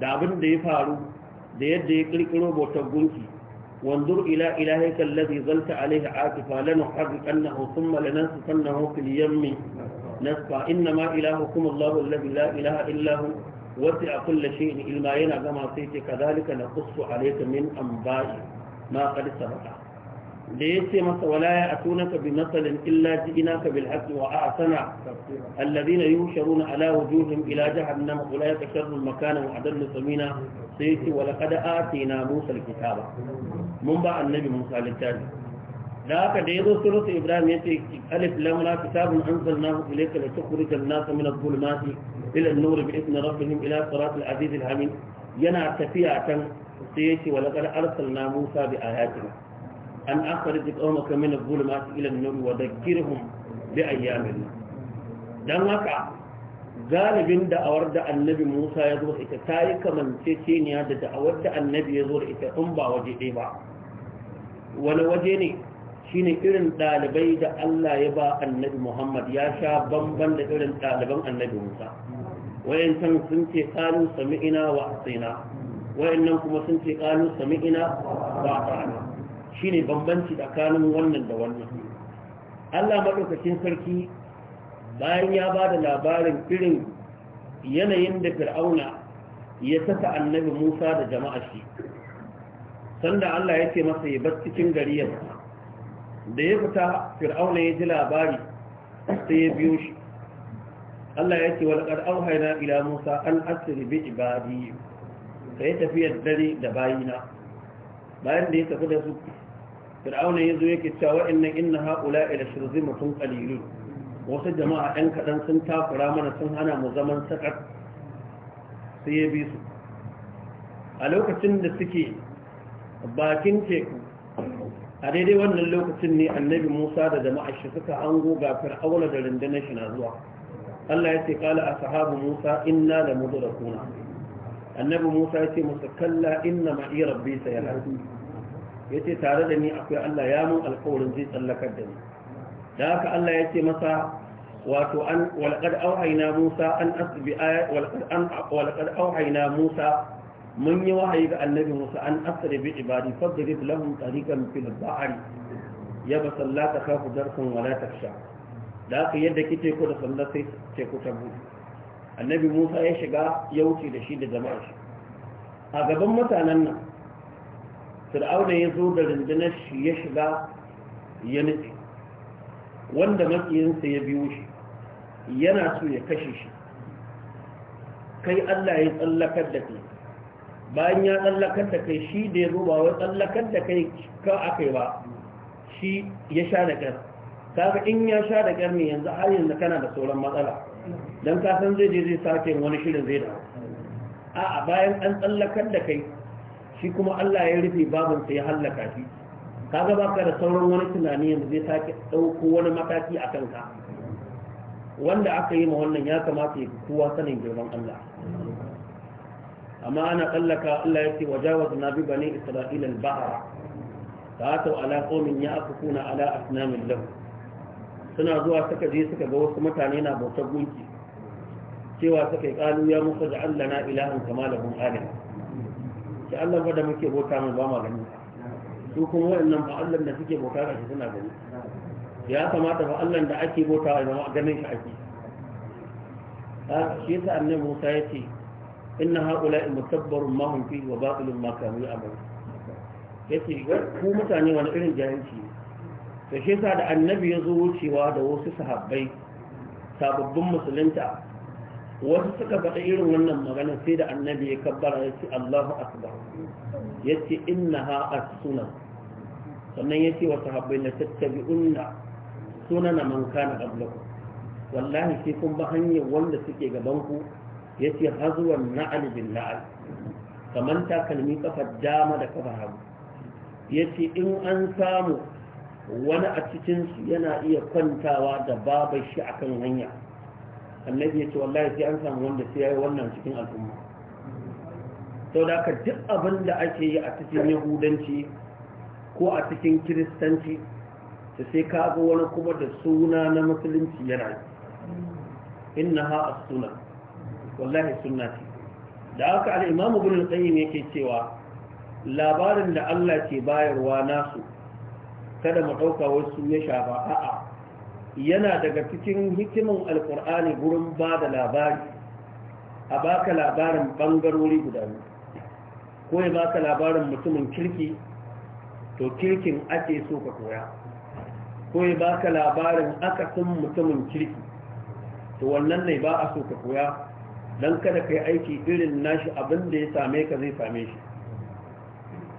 da abin da ya faru da yadda ya kirkiro bautar gunki wanzur ila ilahika allazi zalta alaihi aqifa lanu harriqannahu thumma lanansifannahu fil yammi nasfa inna ma ilahu kuma Allah wallabi la ilaha illahu wasu a kulla shi in ilma yana gama sai ce ka zalika na kusu a min an bayi ma karisa da ya ce masa walaya a tunaka bi masalin illa ji ina ka bil haƙi wa a sana allazi na yiwu sharu na ala wujuhin ila jihar nan kula kashar nun makana wa adal samina sai ya ce wala na musa littafa mun ba annabi musa littafi da haka da ya yazo suratu ibrahim ya yace alif lam la kitabun anzalnahu ilayka da nasa min adh-dhulumati ila an-nur bi idni rabbihim ila siratil aziz al-hamid yana tafiya kan sai yace wa laqad arsalna musa bi ayatina an akhrij qaumaka min adh-dhulumati ila an-nur wa dhakkirhum bi ayyamin dan haka galibin da'awar da annabi musa ya zo ita ta yi kamanceceniya da da'awar da annabi ya zo da ita in ba waje ɗaya ba wani waje ne shine irin ɗalibai da Allah ya ba annabi Muhammad ya sha bamban da irin ɗaliban annabi Musa wayancan sun ce qalu sami'ina wa atina wayannan kuma sun ce qalu sami'ina wa ata'na shine bambanci tsakanin wannan da wannan Allah madaukakin sarki bayan ya ba da labarin irin yanayin da fir'auna ya saka annabi musa da jama'a shi sanda allah ya ce masa ya bar cikin gari ya da ya fita fir'auna ya ji labari sai ya biyo shi Allah ya ce walƙar auhaina ila Musa an asiri bi ibadi ka yi tafiyar dare da bayina bayan da ya tafi da su fir'auna ya zo yake cewa inna inna haƙula ila shirzi mutum ƙalilu wasu jama'a ɗan kaɗan sun takura mana sun hana mu zaman sakar sai ya bi su a lokacin da suke bakin teku a daidai wannan lokacin ne annabi musa da jama'ar shi suka ango ga fir'auna da rundunar shi na zuwa allah ya ce kala a sahabu musa inna da mudu da kuna annabi musa ya ce musu kalla inna ma'i rabbi sai ya ya ce tare da ni akwai allah ya mun alkawarin zai tsallakar da ni da haka allah ya ce masa wato an walƙad auhaina musa an asbi walƙad auhaina musa mun yi wahayi ga annabi musa an asra bi ibadi fadrib lahum tariqan fil ba'ri ya ba sallata khafu darsan wala taksha da haka yadda kike ku da sallar sai ce ku tabu annabi musa ya shiga ya wuce da shi da jama'a shi a gaban mutanen nan fir'auna ya zo da rundunar shi ya shiga ya nufi wanda makiyinsa ya biyo shi yana so ya kashe shi kai allah ya tsallakar da kai bayan ya tsallakar da kai shi da ya zo ba wai tsallakar da kai ka aka yi ba shi ya sha da ƙyar kaga in ya sha da kyar ne yanzu har yanzu kana da sauran matsala don ka san zai je zai sake wani shirin zai dawo a'a bayan an tsallakar da kai shi kuma Allah ya rufe babin sai ya hallaka shi kaga baka da sauran wani tunani yanzu zai sake ɗauko wani mataki a kanka wanda aka yi ma wannan ya kamata ya kowa sanin girman Allah amma ana tsallaka Allah ya ce wa jawazu na bi bani isra'ila al-bahra ta'atu ala qaumin ya'kufuna ala asnamin lahu suna zuwa suka je suka ga wasu mutane na bautar gunki cewa suka yi kalu ya musa da Allah na ilahin kama da hun alim ki Allah fa da muke bauta mu ba ma gani su kuma wayannan fa Allah da suke bauta ga shi suna gani ya kamata fa Allah da ake bauta ya zama ganin shi ake shi yasa annabi Musa ya ce inna haula mutabbarun ma mahun fi wa batilun ma kanu ya'malu yace ku mutane wani irin jahilci ne to shi sa da annabi ya zo wucewa da wasu sahabbai sababbin musulunta wasu suka faɗa irin wannan magana sai da annabi ya kabbara ya ce Allahu akbar ya ce innaha as-sunan sannan ya ce wa sahabbai na tattabi'unna sunana manka na qablakum wallahi sai kun ba hanyar wanda suke gaban ku yace hazwan na'al bil na'al kaman kalmi kafa dama da kafa hagu yace in an samu wani a cikin su yana iya kwantawa da babar shi akan hanya annabi yace wallahi sai an samu wanda sai yayi wannan cikin al'umma sau da ka duk abin da ake yi a cikin yahudanci ko a cikin kiristanci da sai ka ga wani kuma da suna na musulunci yana yi inna ha a suna wallahi sunna ce da aka al-imamu ibn al-qayyim yake cewa labarin da Allah ke bayarwa nasu kada mu dauka wasu ya shafa a'a yana daga cikin hikimin Alƙur'ani gurin ba da labari a baka labarin bangarori guda ne ko ya baka labarin mutumin kirki to kirkin ake so ka koya ko ya baka labarin akasin mutumin kirki to wannan ne ba a so ka koya don kada ka yi aiki irin nashi abin da ya same ka zai same shi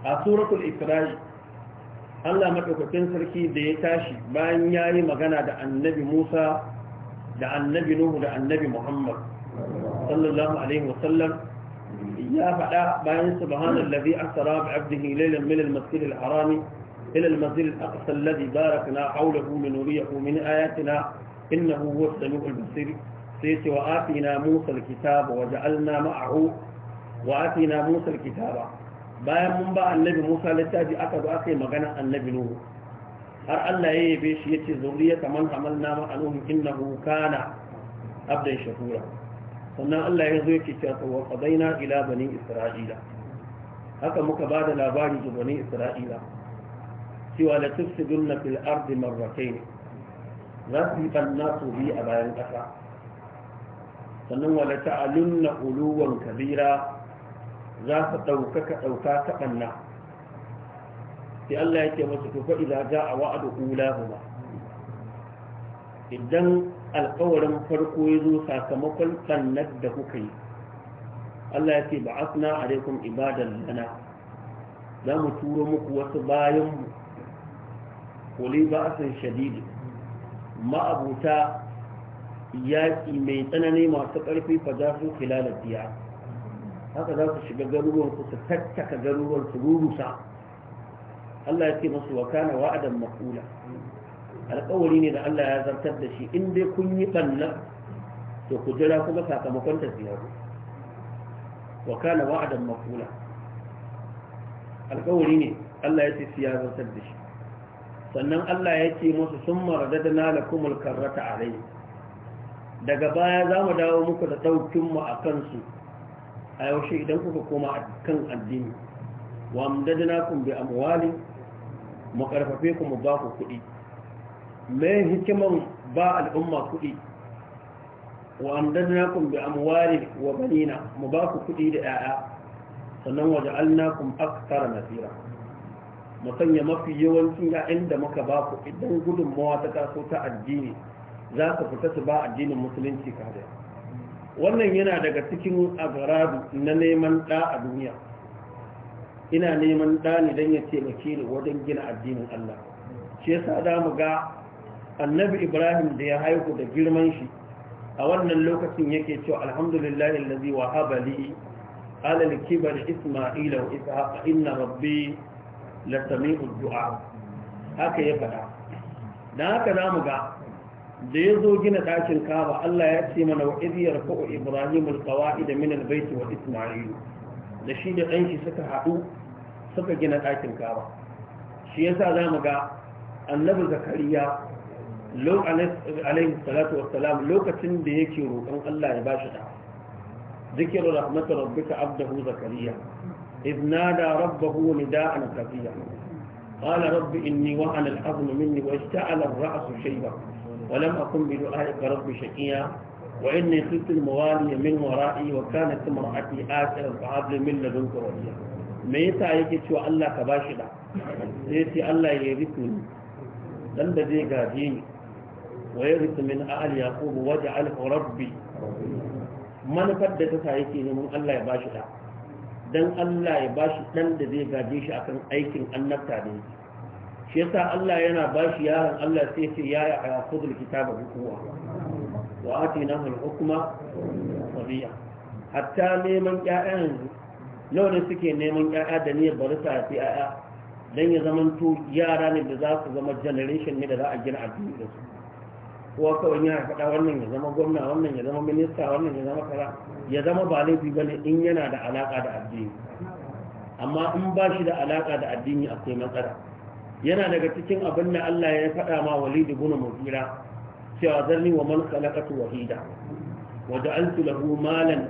a suratul isra'i allah maɗaukakin sarki da ya tashi bayan ya yi magana da annabi musa da annabi nuhu da annabi muhammad sallallahu alaihi wasallam ya faɗa bayan subhanan lafi asara bi abdihi lailan min al-masjid al-harami ila al-masjid al-aqsa alladhi barakna hawlahu linuriyahu min ayatina innahu huwa as-sami'ul basir sai ce wa ba musa alkitaba wa ja'alna ma'ahu wa atina musa alkitaba bayan mun ba annabi musa littafi aka zo aka yi magana annabi nuhu har Allah ya yabe shi yace zuriyata man hamalna ma anuhu innahu kana abdan shakura sannan Allah ya zo yake cewa wa qadaina ila bani isra'ila haka muka ba da labari ga bani isra'ila cewa la tufsiduna fil ardi marratayn za su yi banna su bi a bayan ƙasa sannan wala ta'alunna uluwan kabira za ka ɗaukaka ɗauka ta ɓanna sai Allah yake masu tufa ila za a wa'adu ulahuma idan alkawarin farko ya zo sakamakon ɓannar da kuka yi Allah yake ba asna ibadar ibadan lana za mu turo muku wasu bayan mu kuli ba asin shadidi ma'abuta yaƙi mai tsanani masu ƙarfi fa za su filalar biya haka za su shiga garuruwansu su tattaka garuruwansu rurusa Allah ya ce masu wa kana wa'adan makula alƙawari ne da Allah ya zartar da shi in dai kun yi ɓanna to ku jira kuma sakamakon tafiyar wa kana wa'adan makula alƙawari ne Allah ya ce su ya zartar da shi sannan Allah ya ce masu sun maradadana lakumul karrata rai. daga baya za mu dawo muku da ɗaukinmu a kansu a yaushe idan kuka koma a kan addini wa na kun bi amwali mu karfafe ku mu ba ku kuɗi me hikiman ba al'umma kuɗi wa na kun bi amwali wa banina mu ba ku kuɗi da 'ya'ya sannan waje alnakun aksara nasira mu sanya mafi yawancin ya'yan da muka ba ku idan gudunmawa ta taso ta addini za ka fita su ba addinin musulunci kariya wannan yana daga cikin agaradu na neman ɗa a duniya ina neman ɗa ne don ya taimake ni wajen gina addinin Allah shi yasa za mu ga annabi Ibrahim da ya haihu da girman shi a wannan lokacin yake cewa alhamdulillahi allazi wahaba li ala kibar isma'ila wa ishaqa inna rabbi la sami'u du'a haka ya faɗa dan haka zamu ga da ya zo gina ɗakin kaba Allah ya ce mana wa idh yarfa'u ibrahim alqawaid min albayt wa isma'il da shi da ɗanshi suka haɗu suka gina ɗakin kaba shi yasa mu ga annabi zakariya lo alaihi salatu wassalam lokacin da yake roƙon Allah ya bashi da ذكر رحمة ربك عبده زكريا إذ نادى ربه نداء خفيا قال رب إني وعن الحظم مني واشتعل الرأس شيبا ولم أكن بدعائك رب شقيا وإني خفت الموالي من ورائي وكانت امرأتي آسرا فهب من لدنك وليا me yasa yake cewa Allah ka ba da sai ce Allah ya riku ni dan da zai gaje ni wa ya riku min ahli yaqub wa ja'al rabbi manufar da ta yake neman Allah ya ba da Allah ya da zai gaje shi akan aikin annabta da shi yasa Allah yana ba shi yaron Allah sai ce ya yi a kudul kitaba hukuma wa ati na hul hukuma biya. hatta neman ƴaƴan yanzu nawa ne suke neman ƴaƴa da niyyar bari su haifi ƴaƴa dan ya zaman to yara ne da za su zama generation ne da za a gina addini da su kowa kawai yana faɗa wannan ya zama gwamna wannan ya zama minista wannan ya zama kara ya zama ba laifi ba ne, in yana da alaƙa da addini amma in ba shi da alaƙa da addini akwai matsala yana daga cikin abin da Allah ya faɗa ma Walid guna Mughira cewa zarni wa man khalaqatu wahida wa ja'altu lahu malan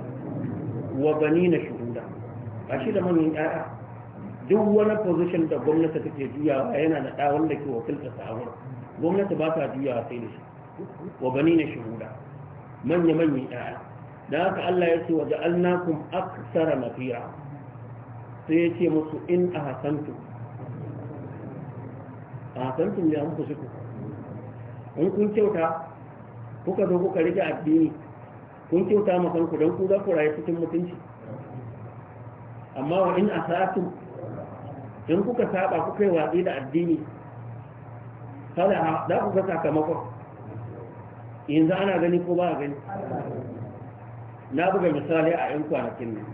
wa banina shuhuda ashi da manyan ƴaƴa duk wani position da gwamnati take juyawa yana da ɗa wanda ke wakilta sa'awar gwamnati ba ta juyawa sai da shi wa banina shuhuda manya manyan ƴaƴa da haka Allah ya ce wa ja'alnakum aksara nafira sai ya ce musu in ahsantum a ya da amku suku in kun kyauta kuka zo kuka rike addini kun kyauta ma kanku don ku za ku rayu cikin mutunci amma wa in asatum in kuka saba kuka yi watsi da addini falaha za ku ga sakamakon yanzu ana gani ko ba a gani na buga misali a 'yan kwanakin nan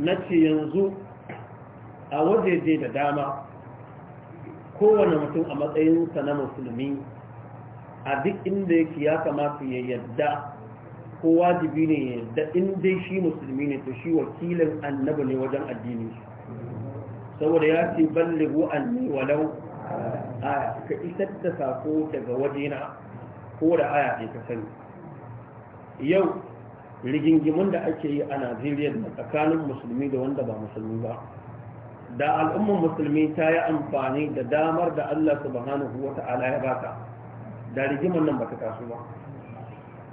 na ce yanzu a wajeje da dama kowane mutum a matsayinsa na musulmi a duk inda yake ya kamata ya yadda ko wajibi ne ya yadda in dai shi musulmi ne to shi wakilin annabi ne wajen addini saboda ya ce ballighu anni walau aya ka isar da sako daga wajena ko da aya ne ka sani yau rigingimin da ake yi a Najeriya tsakanin musulmi da wanda ba musulmi ba da al'ummar musulmi ta yi amfani da damar da Allah subhanahu wa ta'ala ya baka da rigimar nan baka kasu ba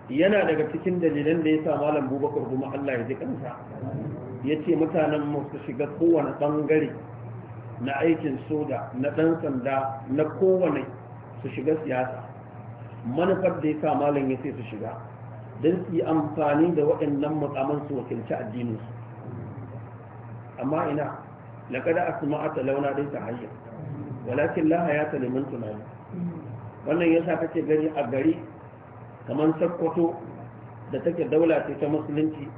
yana daga cikin dalilan da ya sa malam bubakar kuma Allah ya ji kansa ya ce mutanen mu su shiga kowane bangare na aikin soda na ɗan sanda na kowane su shiga siyasa manufar da ya sa malam ya ce su shiga don su yi amfani da waɗannan mutsaman su wakilci addininsu amma ina لقد أسمعت لونا دي تحيّا ولكن لا حياة لمن تنام wannan ya sa kake gani a gari kamar sakkwato da take daula ce ta musulunci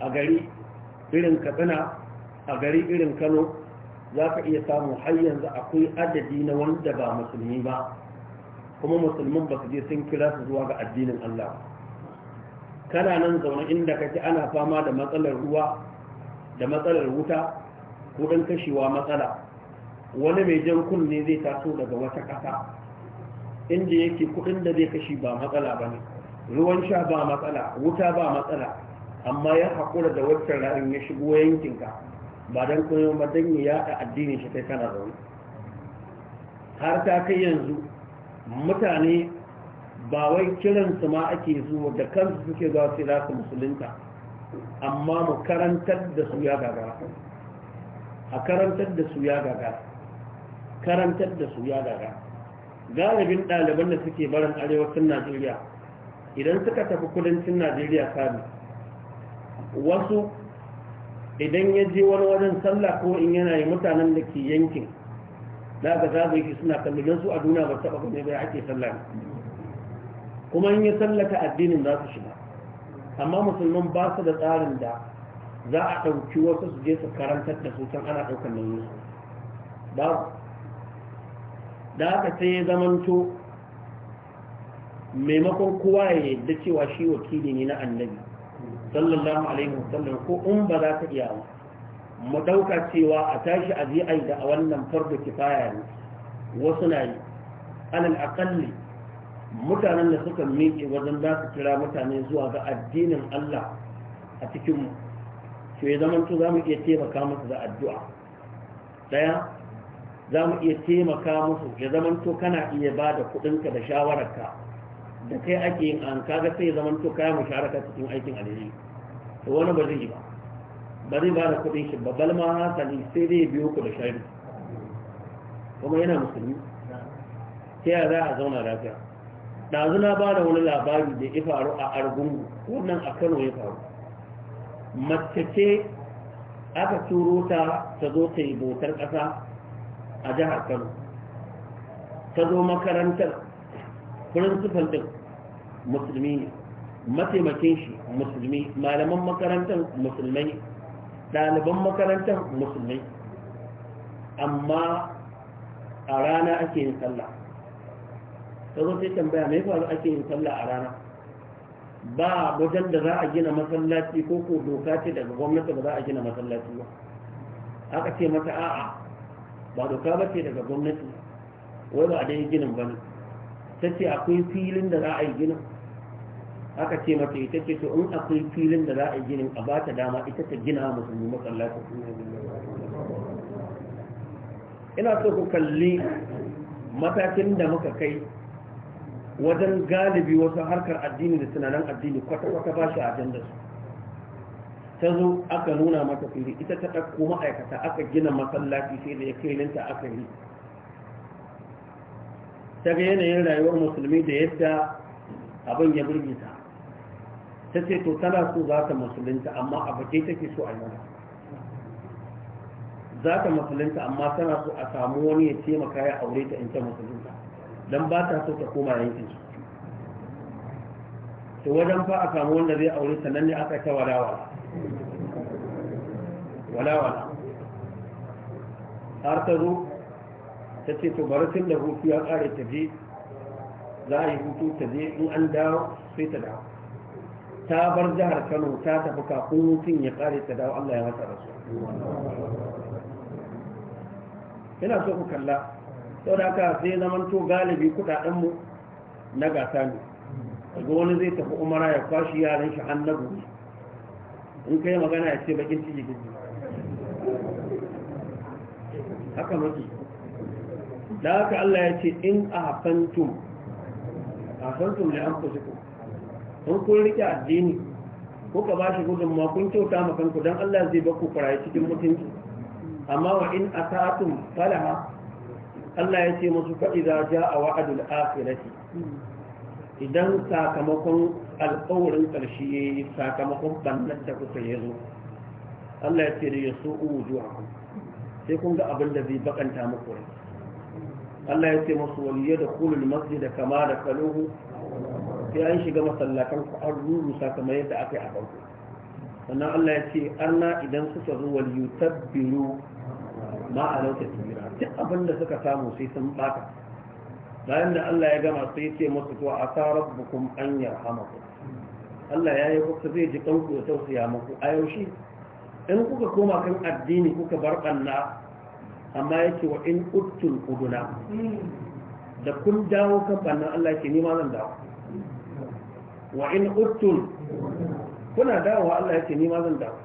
a gari irin katsina a gari irin kano za ka iya samu har yanzu akwai adadi na wanda ba musulmi ba kuma musulman ba su je sun kira su zuwa ga addinin allah kana nan zaune inda kake ana fama da matsalar ruwa da matsalar wuta wurin kashewa matsala wani mai jan kunne zai taso daga wata ƙasa inda yake kuɗin da zai kashe ba matsala ba ne ruwan sha ba matsala wuta ba matsala amma ya haƙura da wancan ra'ayin ya shigo yankinka ba don kuma ba don ya yaɗa addinin shi kai kana zaune har ta kai yanzu mutane ba wai kiransu ma ake zuwa da kansu suke zuwa sai za su musulunta amma mu karantar da su ya gagara a karantar da su ya gaga karantar da su ya gaga galibin ɗaliban da suke barin arewacin najeriya idan suka tafi kudancin najeriya sami wasu idan ya je wani wajen sallah ko in yana yi mutanen da ke yankin da ga za yake suna kallon su a duniya ba taɓa gane bai ake sallah kuma in ya sallaka addinin za su shiga amma musulman ba su da tsarin da za a ɗauki wasu su je su karantar da su can ana ɗaukar nauyin su da aka sai ya zamanto maimakon kowa ya yadda cewa shi wakili ne na annabi sallallahu alaihi wasallam ko in ba za ka iya ba mu ɗauka cewa a tashi a je da a wannan farko kifaya ne wasu na yi alal akalli mutanen da suka miƙe wajen za su kira mutane zuwa ga addinin Allah a cikinmu to ya zama to za mu iya taimaka musu da addu'a ɗaya za mu iya taimaka musu ya zama to kana iya ba da kuɗinka da shawararka da kai ake yin an kaga sai ya zama to mu musharaka cikin aikin alheri to wani ba zai yi ba ba zai ba da kudin shi ba balma hasali sai zai biyo ku da shari kuma yana musulmi ta yaya za a zauna lafiya ɗazu na ba da wani labari da ya faru a argungu wannan a kano ya faru mace ce aka turo ta ta zo ta yi bautar ƙasa a jihar kano ta zo makarantar principal ɗin musulmi ne mataimakin shi musulmi malaman makarantar musulmai ɗaliban makarantar musulmai amma a rana ake yin sallah ta zo sai tambaya mai faru ake yin sallah a rana ba wajen da za a gina masallaci ko ko doka ce daga gwamnati ba za a gina masallaci ba aka ce mata a'a ba doka ba ce daga gwamnati wai ba a dai ginin ba ne ta ce akwai filin da za a yi ginin aka ce mata ita ce to in akwai filin da za a yi ginin a ba ta dama ita ta gina musulmi masallaci ina so ku kalli matakin da muka kai wajen galibi wasu harkar addini da tunanin addini kwata-kwata ba shi ajandar su ta zo aka nuna mata fili ita ta ɗauko ma'aikata aka gina masallaci sai da ya kai ta aka yi ta ga yanayin rayuwar musulmi da yadda abin ya burge ta ta ce to tana so za ta musulunta amma a baje take so a yana za ta musulunta amma tana so a samu wani ya taimaka ya aure ta in ta musulunta dan ba ta so ta koma yankin su to wajen fa a samu wanda zai aure sannan ne aka ta walawa walawa har ta zo ta ce to bari tun da hutu ya kare ta je za a yi hutu ta je in an dawo sai ta dawo ta bar jihar kano ta tafi kafin mutum ya kare ta dawo allah ya masa rasu ina so ku kalla sau da aka sai zaman to galibi kudadenmu na gasa ne daga wani zai tafi umara ya kwashi yaran shi an na gobe in kai magana ya ce bakin ciki gizi haka maki da haka Allah ya ce in a hafantum ne an da an fusiku kun rike addini kuka ba shi gudun kun kyauta makanku don Allah zai baku kwaraye cikin mutunci amma wa in a ta'atun falaha Allah ya ce musu fa'iza ja a wa'adul akhirati idan sakamakon alƙawarin ƙarshe ya yi sakamakon bannan da kuka ya zo Allah ya ce da ya so uwu zuwa ku sai kun ga abin da zai bakanta muku rai Allah ya ce musu waliyar da kulul masjid da kama da kaluhu sai an shiga masallakan ku an ruru kamar yadda aka yi a farko sannan Allah ya ce arna idan suka zo wal yutabbiru ma a lokacin duk abin da suka samu sai sun baka bayan da Allah ya gama sai ce musu to asa rabbukum an yarhamakum Allah ya yi kuka zai ji kanku da tausaya muku a yaushe in kuka koma kan addini kuka bar banna amma yake wa in uttul quduna da kun dawo kan banna Allah yake nima zan dawo wa in uttul kuna dawo Allah yake nima zan dawo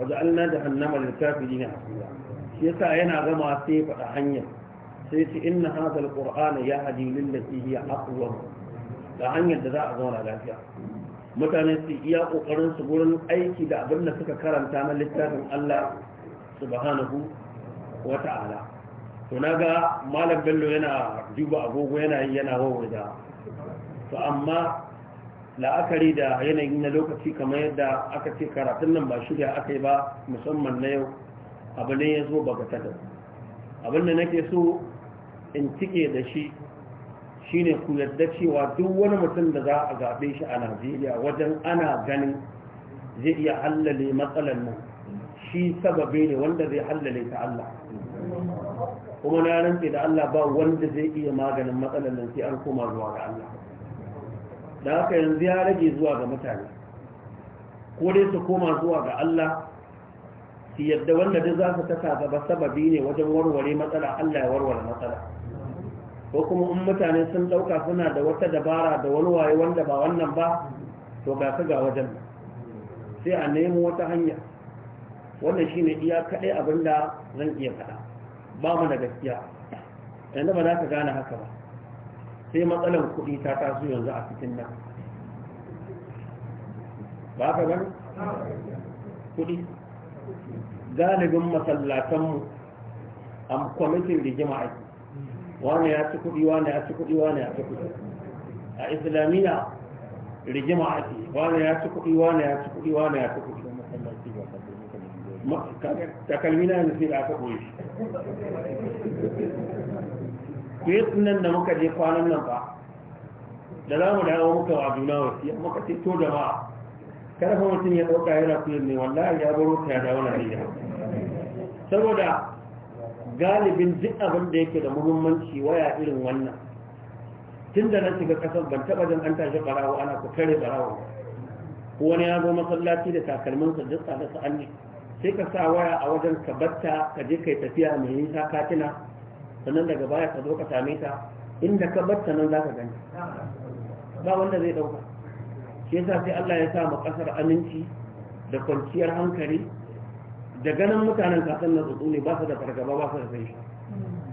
wajen alna da hannama da kafiri ne a yasa yana gama sai faɗa hanyar sai ce inna hadha alqur'ana ya lil lati hiya aqwam da hanyar da za a zauna lafiya mutane su iya kokarin su gurin aiki da abin da suka karanta na littafin Allah subhanahu wa ta'ala to naga malam bello yana duba agogo yana yi yana wawaida to amma la'akari da yanayi na lokaci kamar yadda aka ce karatun nan ba shirya aka yi ba musamman na yau abu ne ya zo baka kada abin da nake so in cike da shi shine ku yadda cewa duk wani mutum da za a zaɓe shi a najeriya wajen ana ganin zai iya hallale matsalar nan shi sababe ne wanda zai hallale ta allah kuma na rantse da allah ba wanda zai iya maganin matsalar nan sai an koma zuwa ga allah da haka yanzu ya rage zuwa ga mutane ko dai su koma zuwa ga allah yadda wanda duk za su kasa gaba sababi ne wajen warware matsala Allah ya warware matsala ko kuma in mutane sun dauka suna da wata dabara da walwaye wanda ba wannan ba to ga ka ga wajen sai a nemi wata hanya wannan shine iya kadai abin da zan iya faɗa ba mu da gaskiya yanzu ba za ka gane haka ba sai matsalan kuɗi ta taso yanzu a cikin nan ba ka gani kuɗi galibin masallatanmu a kwamitin rigima ake wani ya ci kuɗi wani ya ci kuɗi wani ya ci kudi a islamiyya rigima ake wani ya ci kuɗi wani ya ci kuɗi wani ya ci kuɗi takalmina yanzu sai da aka ɓoye Ku yi nan da muka je kwanan nan ba da za mu dawo muka wa juna wasiya muka ce to jama'a karfa mutum ya ɗauka yana kudin ne wallahi ya baro ta ya dawo najeriya saboda galibin duk abin da yake da muhimmanci waya irin wannan tun da na shiga kasar ban taɓa jin an tashi ɓarawo ana ku kare ɓarawo wani ya zo masallaci da takalminsa duk tsada su an sai ka sa waya a wajen ka batta ka je kai tafiya mai nisa katina sannan daga baya ka zo ka same ta inda ka batta nan za ka gani ba wanda zai ɗauka ke sa sai Allah ya sa mu kasar aminci da kwanciyar hankali da ganin mutanen kasan na tsutsu ne ba su da fargaba ba su da sai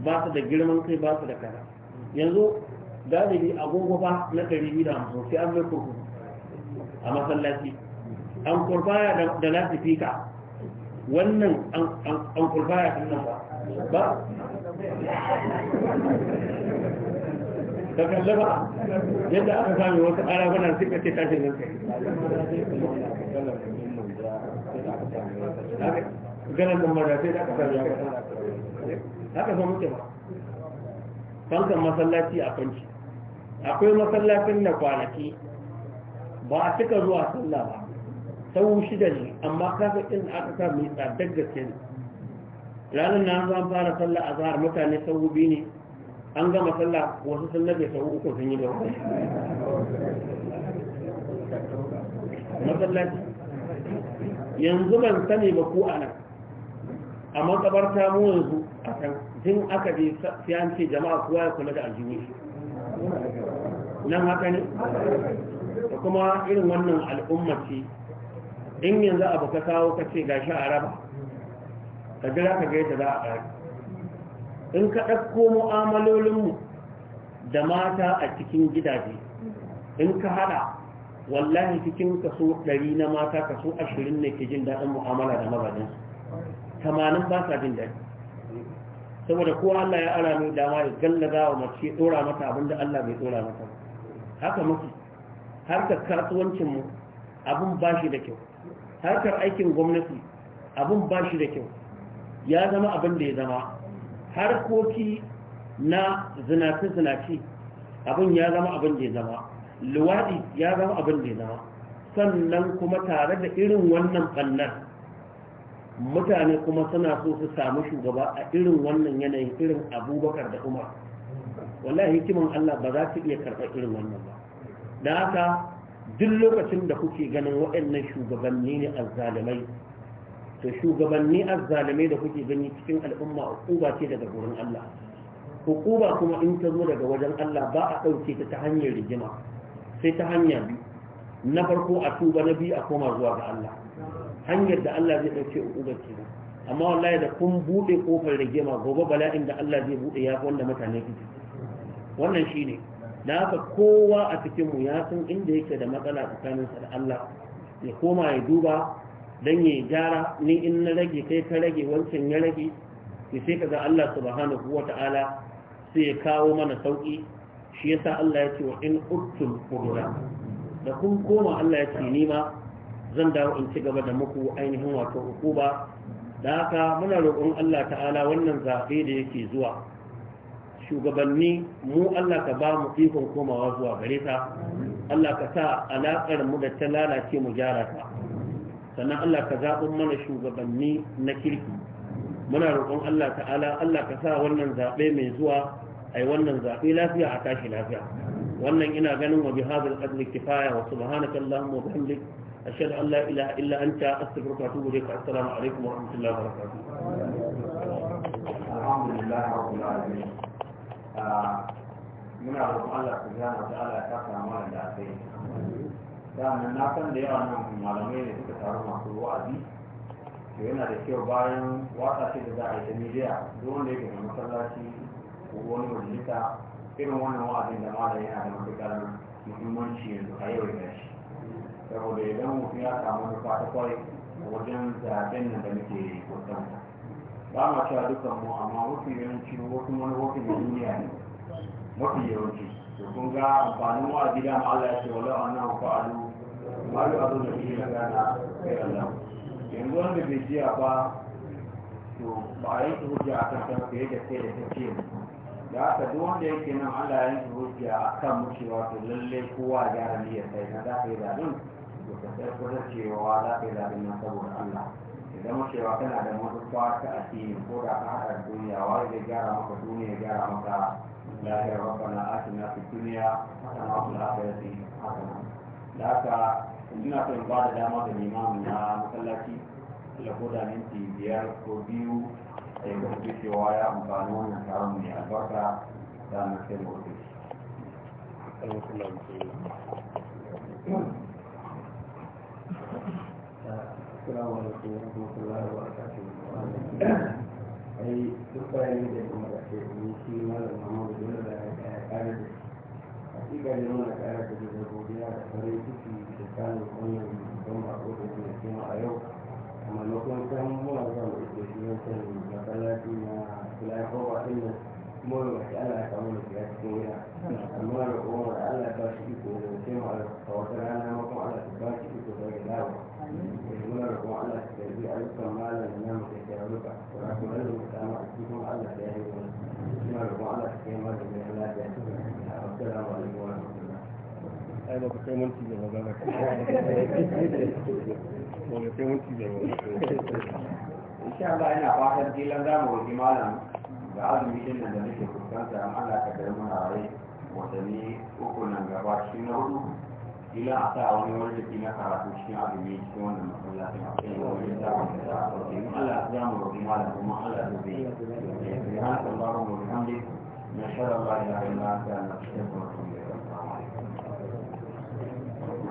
ba su da girman kai ba su da kara yanzu galibi agogo ba na ɗari biyu da hamsin sai an mai kurkuku a masallaci an kurbaya da latifika wannan an kurbaya sun nan ba ba ka kalla ba yadda aka sami wasu arabunan suka ce tashin nan kai ganin da mara sai da aka sami aka haka so muke ba kankan masallaci a kanci akwai masallacin na kwanaki ba a cika zuwa sallah ba sau shida ne amma kasa in aka sami tsadar gaske ne ranar na zan fara sallah a zahar mutane sau biyu ne an gama sallah wasu sun nabe sau uku sun yi gaba masallaci yanzu ban sani ba ku ana a makabarta mu yanzu a kan jin aka je sai an ce jama'a kowa ya kula da aljihu nan haka ne da kuma irin wannan al'ummaci in yanzu abu ka kawo ka ce gashi a raba ka jira ka gaita za a ƙari in ka ɗauko mu'amalolinmu da mata a cikin gidaje in ka haɗa wallahi cikin kaso ɗari na mata kaso ashirin ne ke jin daɗin mu'amala da mazajen tamanin ba sa jin daɗi saboda ko Allah ya ara mai dama ya gallaza wa mace ɗora mata abin da Allah bai ɗora mata haka mafi harkar kasuwancinmu abin ba shi da kyau harkar aikin gwamnati abin ba shi da kyau ya zama abin da ya zama harkoki na zinace-zinace abin ya zama abin da ya zama luwaɗi ya zama abin da ya zama sannan kuma tare da irin wannan ɓannan mutane kuma suna so su samu shugaba a irin wannan yanayin irin abubakar da umar wallahi hikiman allah ba za su iya karɓar irin wannan ba da haka duk lokacin da kuke ganin waɗannan shugabanni ne a zalimai to shugabanni azzalume da kuke gani cikin al'umma hukuba ce daga gurin Allah hukuba kuma in ta zo daga wajen Allah ba a ɗauke ta ta hanyar rigima sai ta hanya biyu na farko a tuba na biyu a koma zuwa ga Allah hanyar da Allah zai ɗauke hukuba ce amma wallahi da kun buɗe kofar rigima gobe bala'in da Allah zai buɗe ya wanda mutane kuke wannan shine da haka kowa a cikinmu ya san inda yake da matsala tsakaninsa da Allah ya koma ya duba dan yi gyara ni in na rage kai ka rage wancan ya rage ki sai Allah Allah subhanahu ta'ala sai ya kawo mana sauki shi yasa Allah ya ce wa in uttum qurra da kun koma Allah ya ce ni ma zan dawo in ci gaba da muku ainihin wato hukuma da haka muna roƙon Allah ta'ala wannan zaɓe da yake zuwa shugabanni mu Allah ka ba mu ikon komawa zuwa gare ta Allah ka sa alaƙar mu da ta lalace mu gyara ta sannan Allah ka zaɓin mana shugabanni na kirki muna roƙon Allah ta'ala Allah ka sa wannan zaɓe mai zuwa a yi wannan zaɓe lafiya a tashi lafiya wannan ina ganin wa bihadhal qadri kifaya wa subhanaka allahumma wa bihamdik ashhadu an la ilaha illa anta astaghfiruka wa atubu ilayk assalamu alaikum wa rahmatullahi wa barakatuh alhamdulillah rabbil alamin ah, muna roƙon Allah subhanahu wa ta'ala ya kafa mana da alheri da na san da yawa nan malamai ne suka taru masu wa'azi to yana da kyau bayan watsa ce da za a yi ta midiya, duk wanda yake da masallaci ko wani majalisa irin wannan wa'azin da malam yana da matuƙar muhimmanci yanzu a yau da shi saboda idan mutum ya samu nufa ta kwarai wajen zaben nan da muke kusan ba ma cewa dukkan mu amma mafi yawanci wasu manufofin da duniya ne mafi yawanci to kun ga amfanin wa'azi da Allah ya ce wala annahu fa'alu ba da abin da ke na gana yanzu wanda bai jiya ba to ba a yanke hujja a kan kan fiye da sai da ta ce da haka duk wanda yake nan Allah ya hujja a kan mushewa to lalle kowa ya gyara sai na za ka yi zaɓin to ka sai kusa cewa za ka yi zaɓin nan saboda Allah idan mushewa kana da manufa ta addini ko da ka haɗa duniya wanda zai gyara maka duniya gyara maka lahiyar rabbana atina fid dunya hasana fil akhirati hasana da haka ina son ba da dama da limamin na masallaci da koda minti biyar ko biyu da ya kuma cewa ya amfani wannan taron mai albarka da na sai motsi. Assalamu alaikum wa rahmatullahi wa barakatuh. Ai duk bayanin da ya kuma da ke yi shi malam Muhammadu dole da ya kare da hakika ne muna kara da da godiya da farin ciki da samun wannan babban bako da ke kuma a yau a maimakon san muna zuwa da ke shi wancan masallaci na filayakowa ɗin nan kuma da wasu ala ya samu da shiga cikin wuya amma da kuma da ala ba shi iko da wace ma a wata rana ma kuma ala ba shi iko da ya dawo muna da kuma ala da zai ayyukan malam na mutum ya ruka kurakuran da mutane a cikin ala da ya yi wani muna da kuma ala da ya yi malam ya lafiya السلام عليكم ai ba ku kai mun cije ba ba ba ku kai mun cije ba insha Allah ina fatan kilan za mu wuce malam ga azumi din nan da nake fuskanta an Allah ka kai mun rai watanni uku nan gaba shi na hudu kila a sa wani wanda ke na karatu cikin azumi cikin wannan masallacin a kai wani da wanda za a sauke mu Allah za mu wuce malam kuma Allah zai yi. Subhanallahu wa bihamdihi نشهد الله لا اله الا انت نستغفرك